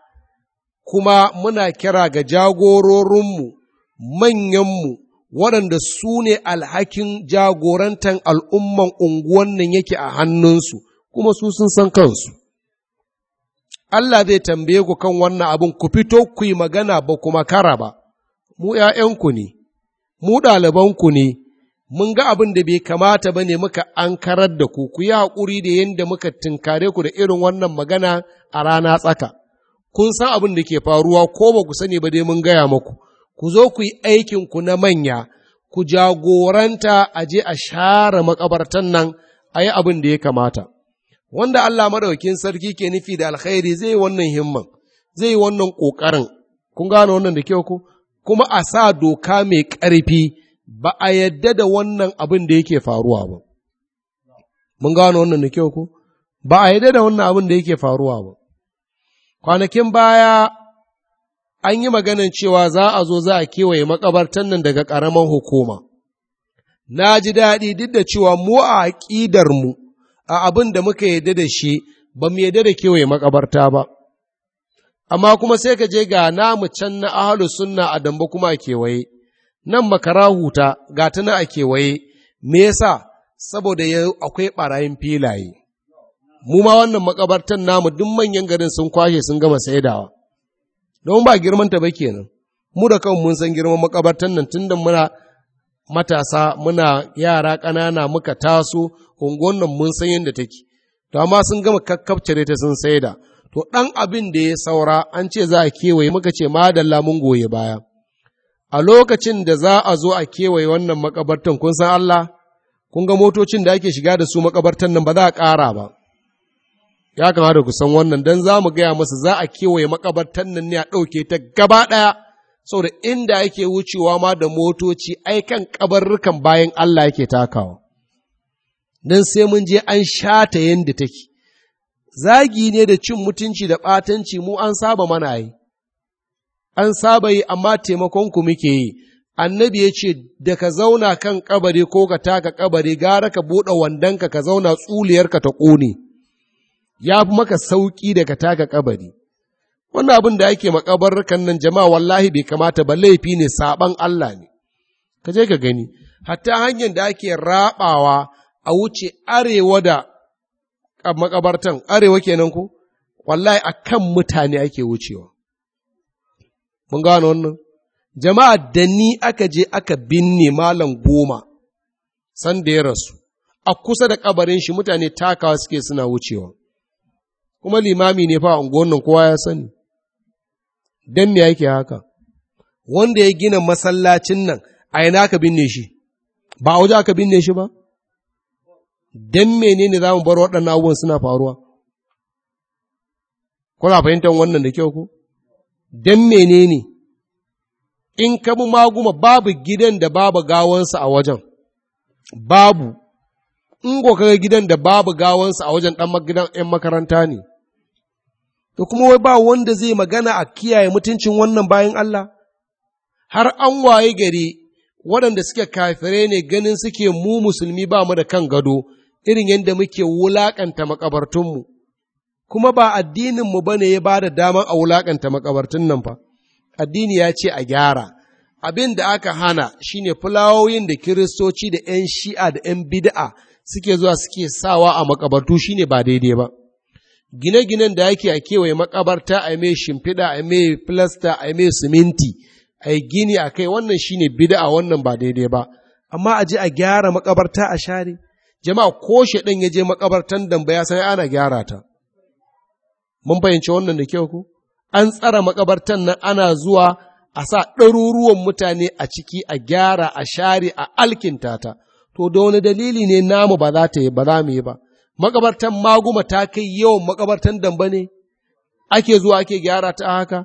Speaker 1: kuma muna kira ga jagororinmu, manyanmu, waɗanda su ne alhakin jagorantan al'umman unguwan nan yake a hannunsu, kuma su sun san kansu. Allah zai tambaye ku kan wannan abin ku fito ku yi magana ba kuma kara ba, mu ’ya'yanku ne, mu ɗalibanku ne, mun ga abin da bai kamata ba ne muka an karar da ku, ku yi haƙuri da yadda muka tinkare ku da irin wannan magana a rana tsaka. Kun san abin da ke faruwa ko ba ku sani ba dai mun gaya maku. ku zo ku yi aikinku na manya, ku jagoranta a je a share makabartan nan a yi abin da ya kamata. wanda Allah maɗaukin sarki ke nufi da alkhairi zai wannan himman zai wannan ƙoƙarin kun gano wannan da kyau ko kuma a sa doka mai ƙarfi ba a yadda da wannan abin da yake faruwa ba mun gano wannan da kyau ko ba a yadda da wannan abin da yake faruwa ba kwanakin baya an yi maganin cewa za a zo za a kewaye makabartan nan daga ƙaramin hukuma. Na ji daɗi duk da cewa mu a aƙidarmu a abin da muka yadda da shi ba mu yadda da kewaye makabarta ba amma kuma sai ka je ga namu can na ahalu sunna a damba kuma a kewaye nan makara huta ga ta na a kewaye me yasa saboda ya akwai ɓarayin filaye mu ma wannan makabartan namu duk manyan garin sun kwashe sun gama saidawa don ba girman ta ba kenan mu da kan mun san girman makabartan nan da muna matasa muna yara ƙanana muka taso unguwan nan mun san yadda take to amma sun gama kakkabcare ta sun saida to ɗan abin da ya saura an ce za a kewaye muka ce madalla mun goye baya a lokacin da za a zo a kewaye wannan makabartan kun san Allah kun ga motocin da ake shiga da su makabartan nan ba za a ƙara ba ya kamata ku san wannan dan za mu gaya masa za a kewaye makabartan nan ne a ɗauke ta gaba ɗaya saboda inda ake wucewa ma da motoci ai kan kabarrukan bayan Allah yake takawa don sai mun je an shata yadda take, zagi ne da cin mutunci da ɓatanci mu an saba mana yi, an saba yi amma taimakonku muke yi, annabi ya ce da ka zauna kan ƙabari ko ka taka ƙabari, gara ka buɗe wandonka ka zauna tsuliyarka ta ƙone, ya fi maka sauƙi da ka taka kabari. Wannan abin da ake makabarrukan nan jama'a wallahi bai kamata ba laifi ne saɓan Allah ne, ka je ka gani, hatta hanyar da ake raɓawa a wuce arewa da makabartan arewa kenan ku wallahi a kan mutane ake wucewa mun gano wannan jama'a da ni aka je aka binne malam goma san da ya rasu a kusa da kabarin shi mutane takawa suke suna wucewa kuma limami ne fa unguwannin kowa ya sani Don me yake haka wanda ya gina masallacin nan a yana aka binne shi ba a waje aka binne shi ba don menene za mu bar waɗannan abubuwan suna faruwa kuna fahimtar wannan da kyau ku don menene in ka bi maguma babu gidan da babu gawansa a wajen babu in kaga gidan da babu gawansa a wajen ɗan gidan ‘yan makaranta ne, to kuma wai ba wanda zai magana a kiyaye mutuncin wannan bayan Allah, har an waye gari waɗanda suke kafire ne ganin suke mu musulmi ba mu da kan gado, irin yadda muke wulaƙanta makabartunmu, kuma ba addininmu ba ne ya ba da damar a wulaƙanta makabartun nan ba. addini ya ce a gyara, abin da aka hana shine fulawoyin da kiristoci da ‘yan shi'a da ‘yan bida'a suke zuwa suke sawa a makabartu shine ba daidai ba. Gine-ginen da ake a kewaye makabarta a mai shimfiɗa, a mai filasta, a mai siminti, a gini a kai wannan shine bida'a wannan ba daidai ba, amma a je a gyara makabarta a share. jama'a ko shaɗan ya je makabartan dambe ya san ana gyara ta mun fahimci wannan da kyau ku an tsara makabartan nan ana zuwa a sa ɗaruruwan mutane a ciki a gyara a share a alkinta ta to da wani dalili ne namu ba za ta yi ba za mu yi ba makabartan maguma ta kai yawan makabartan damba ne ake zuwa ake gyara ta haka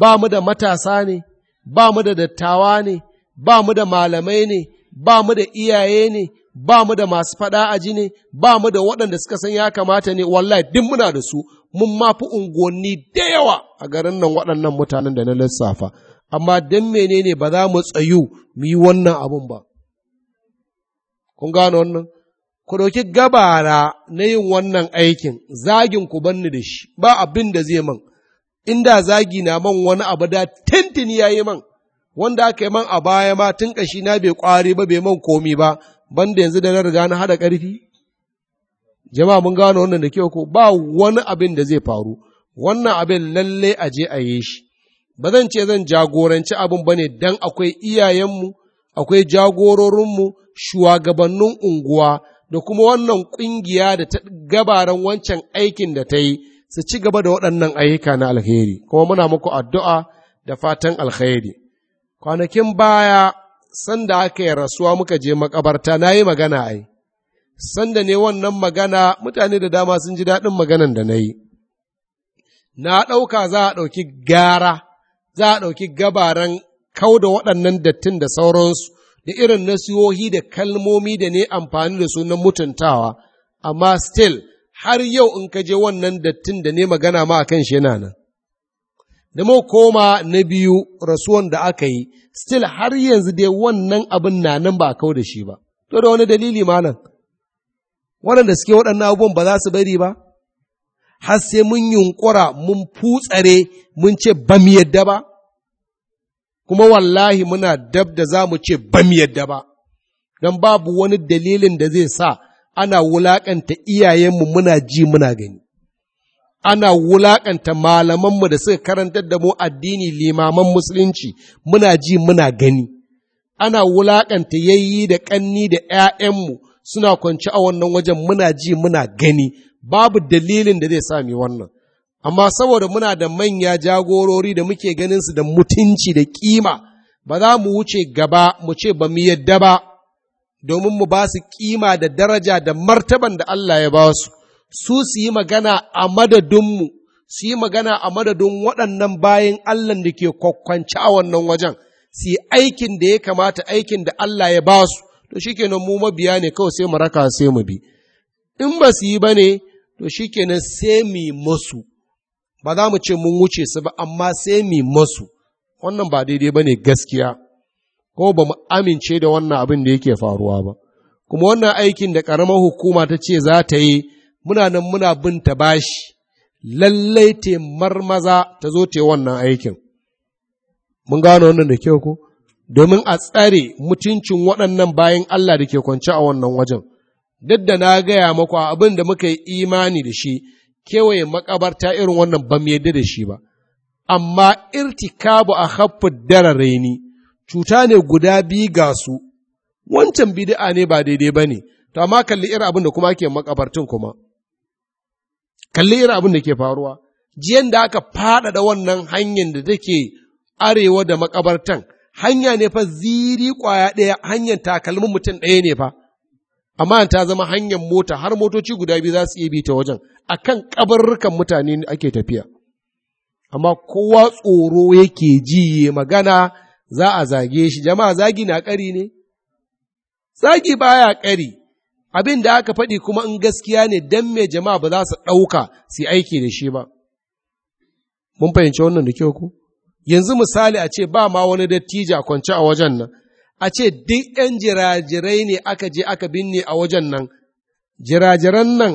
Speaker 1: ba mu da matasa ne ba mu da dattawa ne ba mu da malamai ne ba mu da iyaye ne ba mu da masu faɗa a jini, ne, ba mu da waɗanda suka san ya kamata ne, wallahi duk muna da su, mun mafi unguwanni da yawa a garin nan waɗannan mutanen da na lissafa, amma don menene ba za mu tsayu mu yi wannan abun ba. Kun gano wannan? Ku ɗauki gabara na yin wannan aikin, zagin ku banni da shi, ba abin da zai man, inda zagi na man wani abu da tintini ya yi man, wanda aka yi man a baya ma tun ƙashi na bai ƙwari ba bai man komi ba, banda yanzu da na riga na haɗa ƙarfi? Jama'a mun gano wannan da kyau ko ba wani abin da zai faru, wannan abin lalle a je a yi shi. Ba zan ce zan jagoranci abin ba ne don akwai iyayenmu, akwai jagororinmu, shugabannin unguwa da kuma wannan ƙungiya da ta gabaran wancan aikin da ta yi su ci gaba da waɗannan ayyuka na alheri, kuma muna muku addu'a da fatan alheri. Kwanakin baya sanda aka yi rasuwa muka je makabarta na yi magana ai, sanda ne wannan magana mutane da dama sun ji daɗin maganan da na yi. Na ɗauka za a ɗauki gara, za a ɗauki gabaran kau da waɗannan dattin da sauransu, da irin nasihohi da kalmomi da ne amfani da su mutuntawa, amma still har yau in ka je wannan dattin da ne magana ma a kan shi yana nan. da mu koma na biyu rasuwan da aka yi still har yanzu dai wannan abin na nan ba kau da shi ba to da wani dalili malam waɗanda suke waɗannan abubuwan ba za su bari ba har sai mun yunƙura mun futsare mun ce ba mu yadda ba kuma wallahi muna dab da za mu ce ba mu yadda ba don babu wani dalilin da zai sa ana wulaƙanta iyayenmu muna ji muna gani ana wulaƙanta malamanmu da suka karantar da mu addini limaman musulunci muna ji muna gani ana wulaƙanta yayi da ƙanni da ‘ya'yanmu suna kwanci a wannan wajen muna ji muna gani babu dalilin da zai sami wannan amma saboda muna da manya jagorori da muke ganin su da mutunci da kima ba za mu wuce gaba mu ce ba mu yadda ba domin mu ba su kima da daraja da martaban da Allah ya ba su su su yi magana a madadinmu, su yi magana a madadin waɗannan bayan allah da ke kwakwanci a wannan wajen, su yi aikin da ya kamata aikin da Allah ya ba su, to shi kenan mu mabiya ne kawai sai mu raka sai mu bi. In ba su yi ba ne, to shi kenan sai mu yi masu, ba za mu ce mun wuce su ba, amma sai mu yi masu, wannan ba daidai ba ne gaskiya, ko ba mu amince da wannan abin da yake faruwa ba. Kuma wannan aikin da ƙaramar hukuma ta ce za ta yi, muna nan muna bin ta bashi lallai te marmaza ta zo te wannan aikin mun gano wannan da kyau ko domin a tsare mutuncin waɗannan bayan Allah da ke kwance a wannan wajen duk da na gaya maku abin da muka yi imani da shi kewaye makabarta irin wannan ba mu yadda da shi ba amma irtikabu a haffin raini, cuta ne guda biyu ga su wancan bid'a ne ba daidai bane ne to amma kalli irin abin da kuma ake makabartin kuma kalli irin abin da ke faruwa jiyan da aka faɗaɗa wannan hanyar da take arewa da makabartan hanya ne fa ziri kwaya ɗaya hanyar takalmin mutum ɗaya ne fa amma ta zama hanyar mota har motoci guda biyu za su iya bi ta wajen a kan ƙabarrukan mutane ake tafiya amma kowa tsoro yake ji magana za a zage shi jama'a zagi na ƙari ne zagi baya ƙari abin da aka faɗi kuma in gaskiya ne don mai jama'a ba za su ɗauka su aiki da shi ba. Mun fahimci wannan da kyau ku? Yanzu misali a ce ba ma wani dattija kwance a wajen nan, a ce duk ‘yan jirajirai ne aka je aka binne a wajen nan, jirajiran nan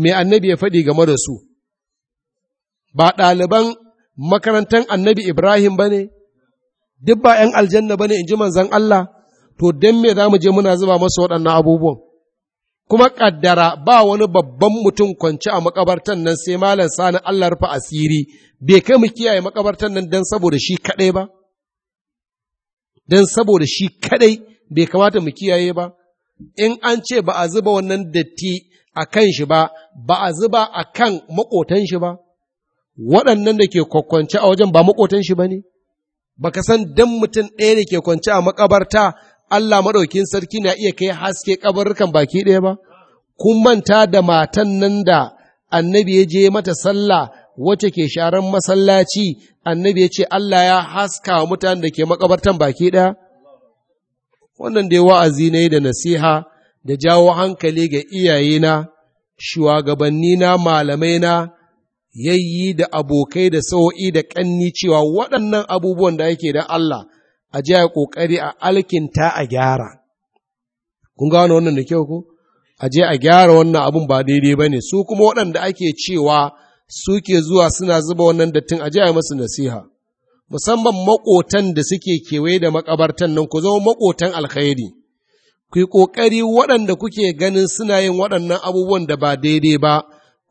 Speaker 1: mai annabi ya faɗi game da su, ba ɗaliban makarantar annabi Ibrahim ba ne, duk ba ‘yan aljanna ba ne in ji manzan Allah, to don me za mu je muna zuba masu waɗannan abubuwan. kuma ƙaddara ba wani babban mutum kwance a makabartan nan sai malam sani Allah rufe asiri bai kai mu kiyaye makabartan nan don saboda shi kadai ba don saboda shi kadai bai kamata mu kiyaye ba in an ce ba a zuba wannan datti a kan shi ba ba a zuba a kan maƙotan shi ba waɗannan da ke kwakwance a wajen ba maƙotan shi ba ne ba ka san dan mutum ɗaya da ke kwance a makabarta Allah maɗaukin sarki na iya kai haske kabarukan baki ɗaya ba? Kun manta da matan nan da annabi ya je mata sallah wacce ke sharan masallaci annabi ya ce Allah ya haska wa mutanen da ke makabartan baki ɗaya? Wannan dai wa'azi ne da nasiha da jawo hankali ga iyayena, shugabannina, malamaina, yayyi da abokai da sau'i da ƙanni cewa waɗannan abubuwan da ake da Allah a jiya a ƙoƙari a alkinta a gyara. Kun gano wannan da kyau ko? A je a gyara wannan abun ba daidai ba ne, su kuma waɗanda ake cewa suke zuwa suna zuba wannan dattin a je a masu nasiha. Musamman maƙotan da suke kewaye da makabartan nan ku zama maƙotan alkhairi. Ku yi ƙoƙari waɗanda kuke ganin suna yin waɗannan abubuwan da ba daidai ba,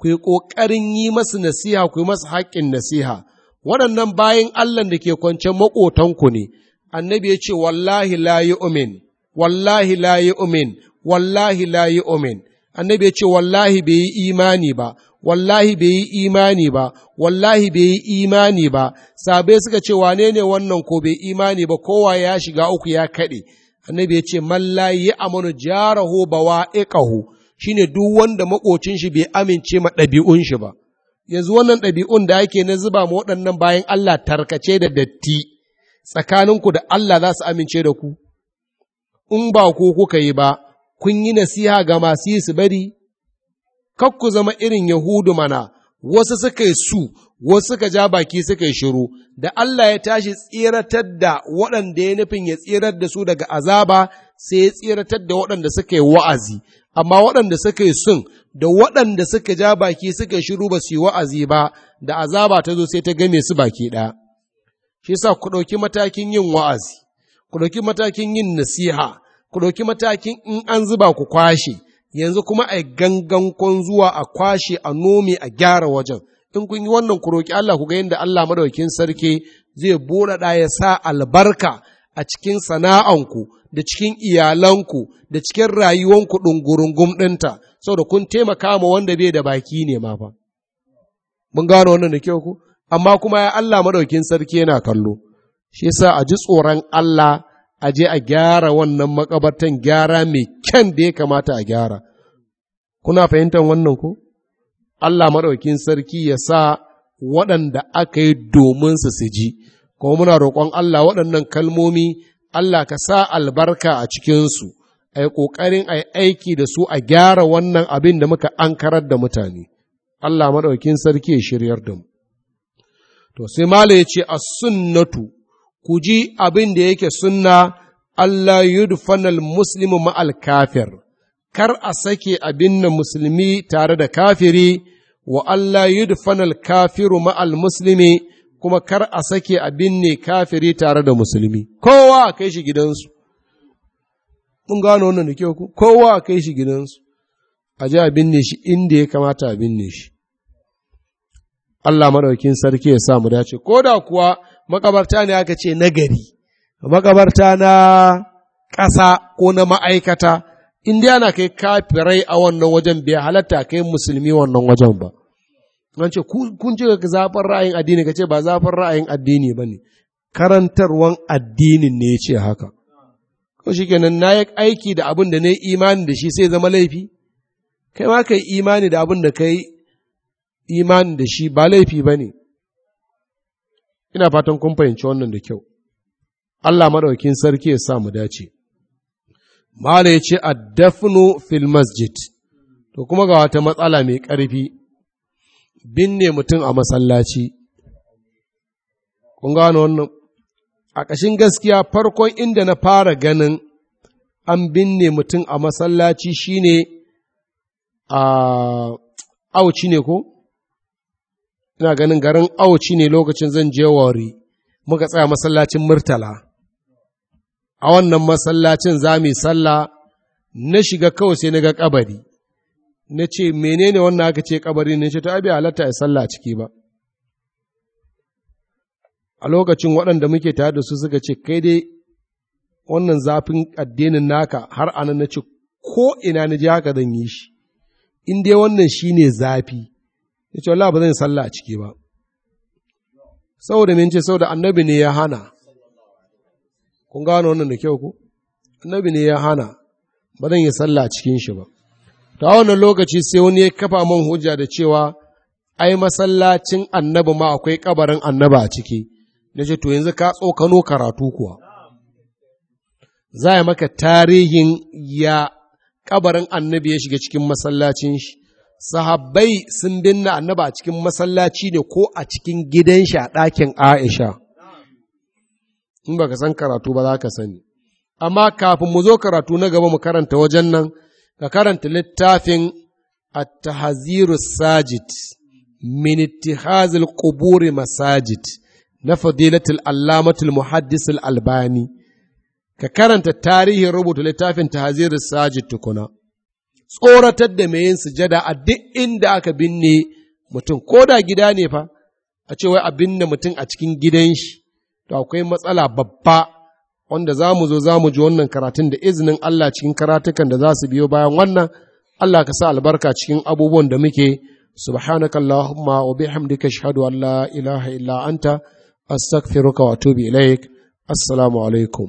Speaker 1: ku yi ƙoƙarin yi masu nasiha, ku yi masu haƙƙin nasiha. Waɗannan bayan allah da ke kwance maƙotanku ne, annabi ya ce wallahi la umin. wallahi la umin. wallahi la umin. annabi ya ce wallahi bai yi imani ba wallahi bai yi imani ba wallahi bai yi imani ba sabai suka ce wane ne wannan ko bai imani ba kowa ya shiga uku ya kaɗe annabi ya ce mallayi amanu jarahu bawa Shi shine duk wanda makocin shi bai amince ma ɗabi'un shi ba yanzu wannan ɗabi'un da ake na zuba ma waɗannan bayan Allah tarkace da datti tsakaninku da Allah za su amince da ku, in ba ku kuka yi ba, kun yi nasiha ga masu yi su bari, Kar ku zama irin Yahudu mana, wasu suka yi su, wasu suka ja baki suka yi shiru, da Allah ya tashi tsiratar da waɗanda ya nufin ya tsirar da su daga azaba, sai ya tsiratar da waɗanda suka yi wa'azi, amma waɗanda suka yi sun, da waɗanda suka ja baki suka yi shiru ba su yi wa'azi ba, da azaba ta zo sai ta game su baki ɗaya. shi yasa ku ɗauki matakin yin wa'azi ku ɗauki matakin yin nasiha ku ɗauki matakin in an zuba ku kwashe yanzu kuma a gangankon zuwa a kwashe a nomi, a gyara wajen in kun yi wannan ku roƙi Allah ku ga yadda Allah madaukin sarki zai buɗaɗa ya sa albarka a cikin sana'anku da cikin iyalanku da cikin rayuwanku ɗungurungum ɗinta saboda kun taimaka ma wanda bai da baki ne ma ba mun gano wannan da kyau ku amma kuma ya Allah maɗaukin sarki yana kallo shi sa a ji tsoron Allah a je a gyara wannan makabartan gyara mai kyan da ya kamata a gyara kuna fahimtar wannan ko Allah maɗaukin sarki ya sa waɗanda aka yi domin su su ji kuma muna roƙon Allah waɗannan kalmomi Allah ka sa albarka a cikinsu a yi ƙoƙarin a yi aiki da su a gyara wannan abin da muka ankarar da mutane Allah maɗaukin sarki ya shiryar da mu To sai malam ya ce, A sunnatu, ku ji abin da yake sunna, Allah yudfanal muslimu ma'al kafir, kar a sake abin na musulmi tare da kafiri, wa Allah yudfanal kafiru ma'al muslimi, kuma kar a sake abin ne kafiri tare da musulmi. Kowa a kai shi gidansu. Mun gano wannan da kyau kowa a kai shi gidansu, a ji abin ne shi inda ya kamata abin ne shi. Allah maɗaukin sarki ya samu dace ko da kuwa makabarta ne aka ce na gari makabarta na ƙasa ko na ma'aikata indiya yana kai kafirai a wannan wajen bai halatta kai musulmi wannan wajen ba an ce kun ce ka zafin ra'ayin addini ka ce ba zafin ra'ayin addini ba ne karantarwan addinin ne ya ce haka ko shi kenan na aiki da abin da na yi imani da shi sai zama laifi kai ma ka yi imani da abin da ka yi imani da shi ba laifi ba ne ina fatan kun fahimci wannan da kyau Allah maɗaukin sarki ya sa mu dace Mala ya ce addafnu fil masjid to kuma ga wata matsala mai ƙarfi binne mutum a masallaci kun gano wannan a ƙashin gaskiya farkon inda na fara ganin an binne mutum a masallaci shine a ah, auci ne ko ina ganin garin auci ne lokacin zan je wari muka tsaya masallacin murtala a wannan masallacin za mu yi sallah na shiga kawai sai na ga kabari na ce menene wannan aka ce kabari ne ce ta abi halatta ya sallah ciki ba a lokacin waɗanda muke tare da su suka ce kai dai wannan zafin addinin naka har anan na ce ko ina na ji haka zan yi shi in dai wannan shine zafi ya ce wallahi ba zan sallah a ciki ba saboda min ce saboda annabi ne ya hana kun gano wannan da kyau ku annabi ne ya hana ba zan yi sallah a cikin shi ba ta wannan lokaci sai wani ya kafa man hujja da cewa ai masallacin annabi ma akwai kabarin annaba a ciki na ce to yanzu ka tsokano karatu kuwa za a maka tarihin ya kabarin annabi ya shiga cikin masallacin shi sahabbai sun binne annaba a cikin masallaci ne ko a cikin gidan shi a ɗakin Aisha. In ba ka san karatu ba za ka sani. Amma kafin mu zo karatu na gaba mu karanta wajen nan, ka karanta littafin At-Tahziru Sajid min ittihazil quburi masajid na fadilatul allamatul muhaddisul albani ka karanta tarihin rubuta littafin tahziru sajid tukuna tsoratar da mai yin sujada a duk inda aka binne mutum ko da gida ne fa a ce wai a binne mutum a cikin gidan shi to akwai matsala babba wanda za mu zo za mu ji wannan karatun da izinin Allah cikin karatukan da za su biyo bayan wannan Allah ka sa albarka cikin abubuwan da muke subhanaka allahumma wa bihamdika ashhadu an la ilaha illa anta astaghfiruka wa atubu ilaik assalamu alaikum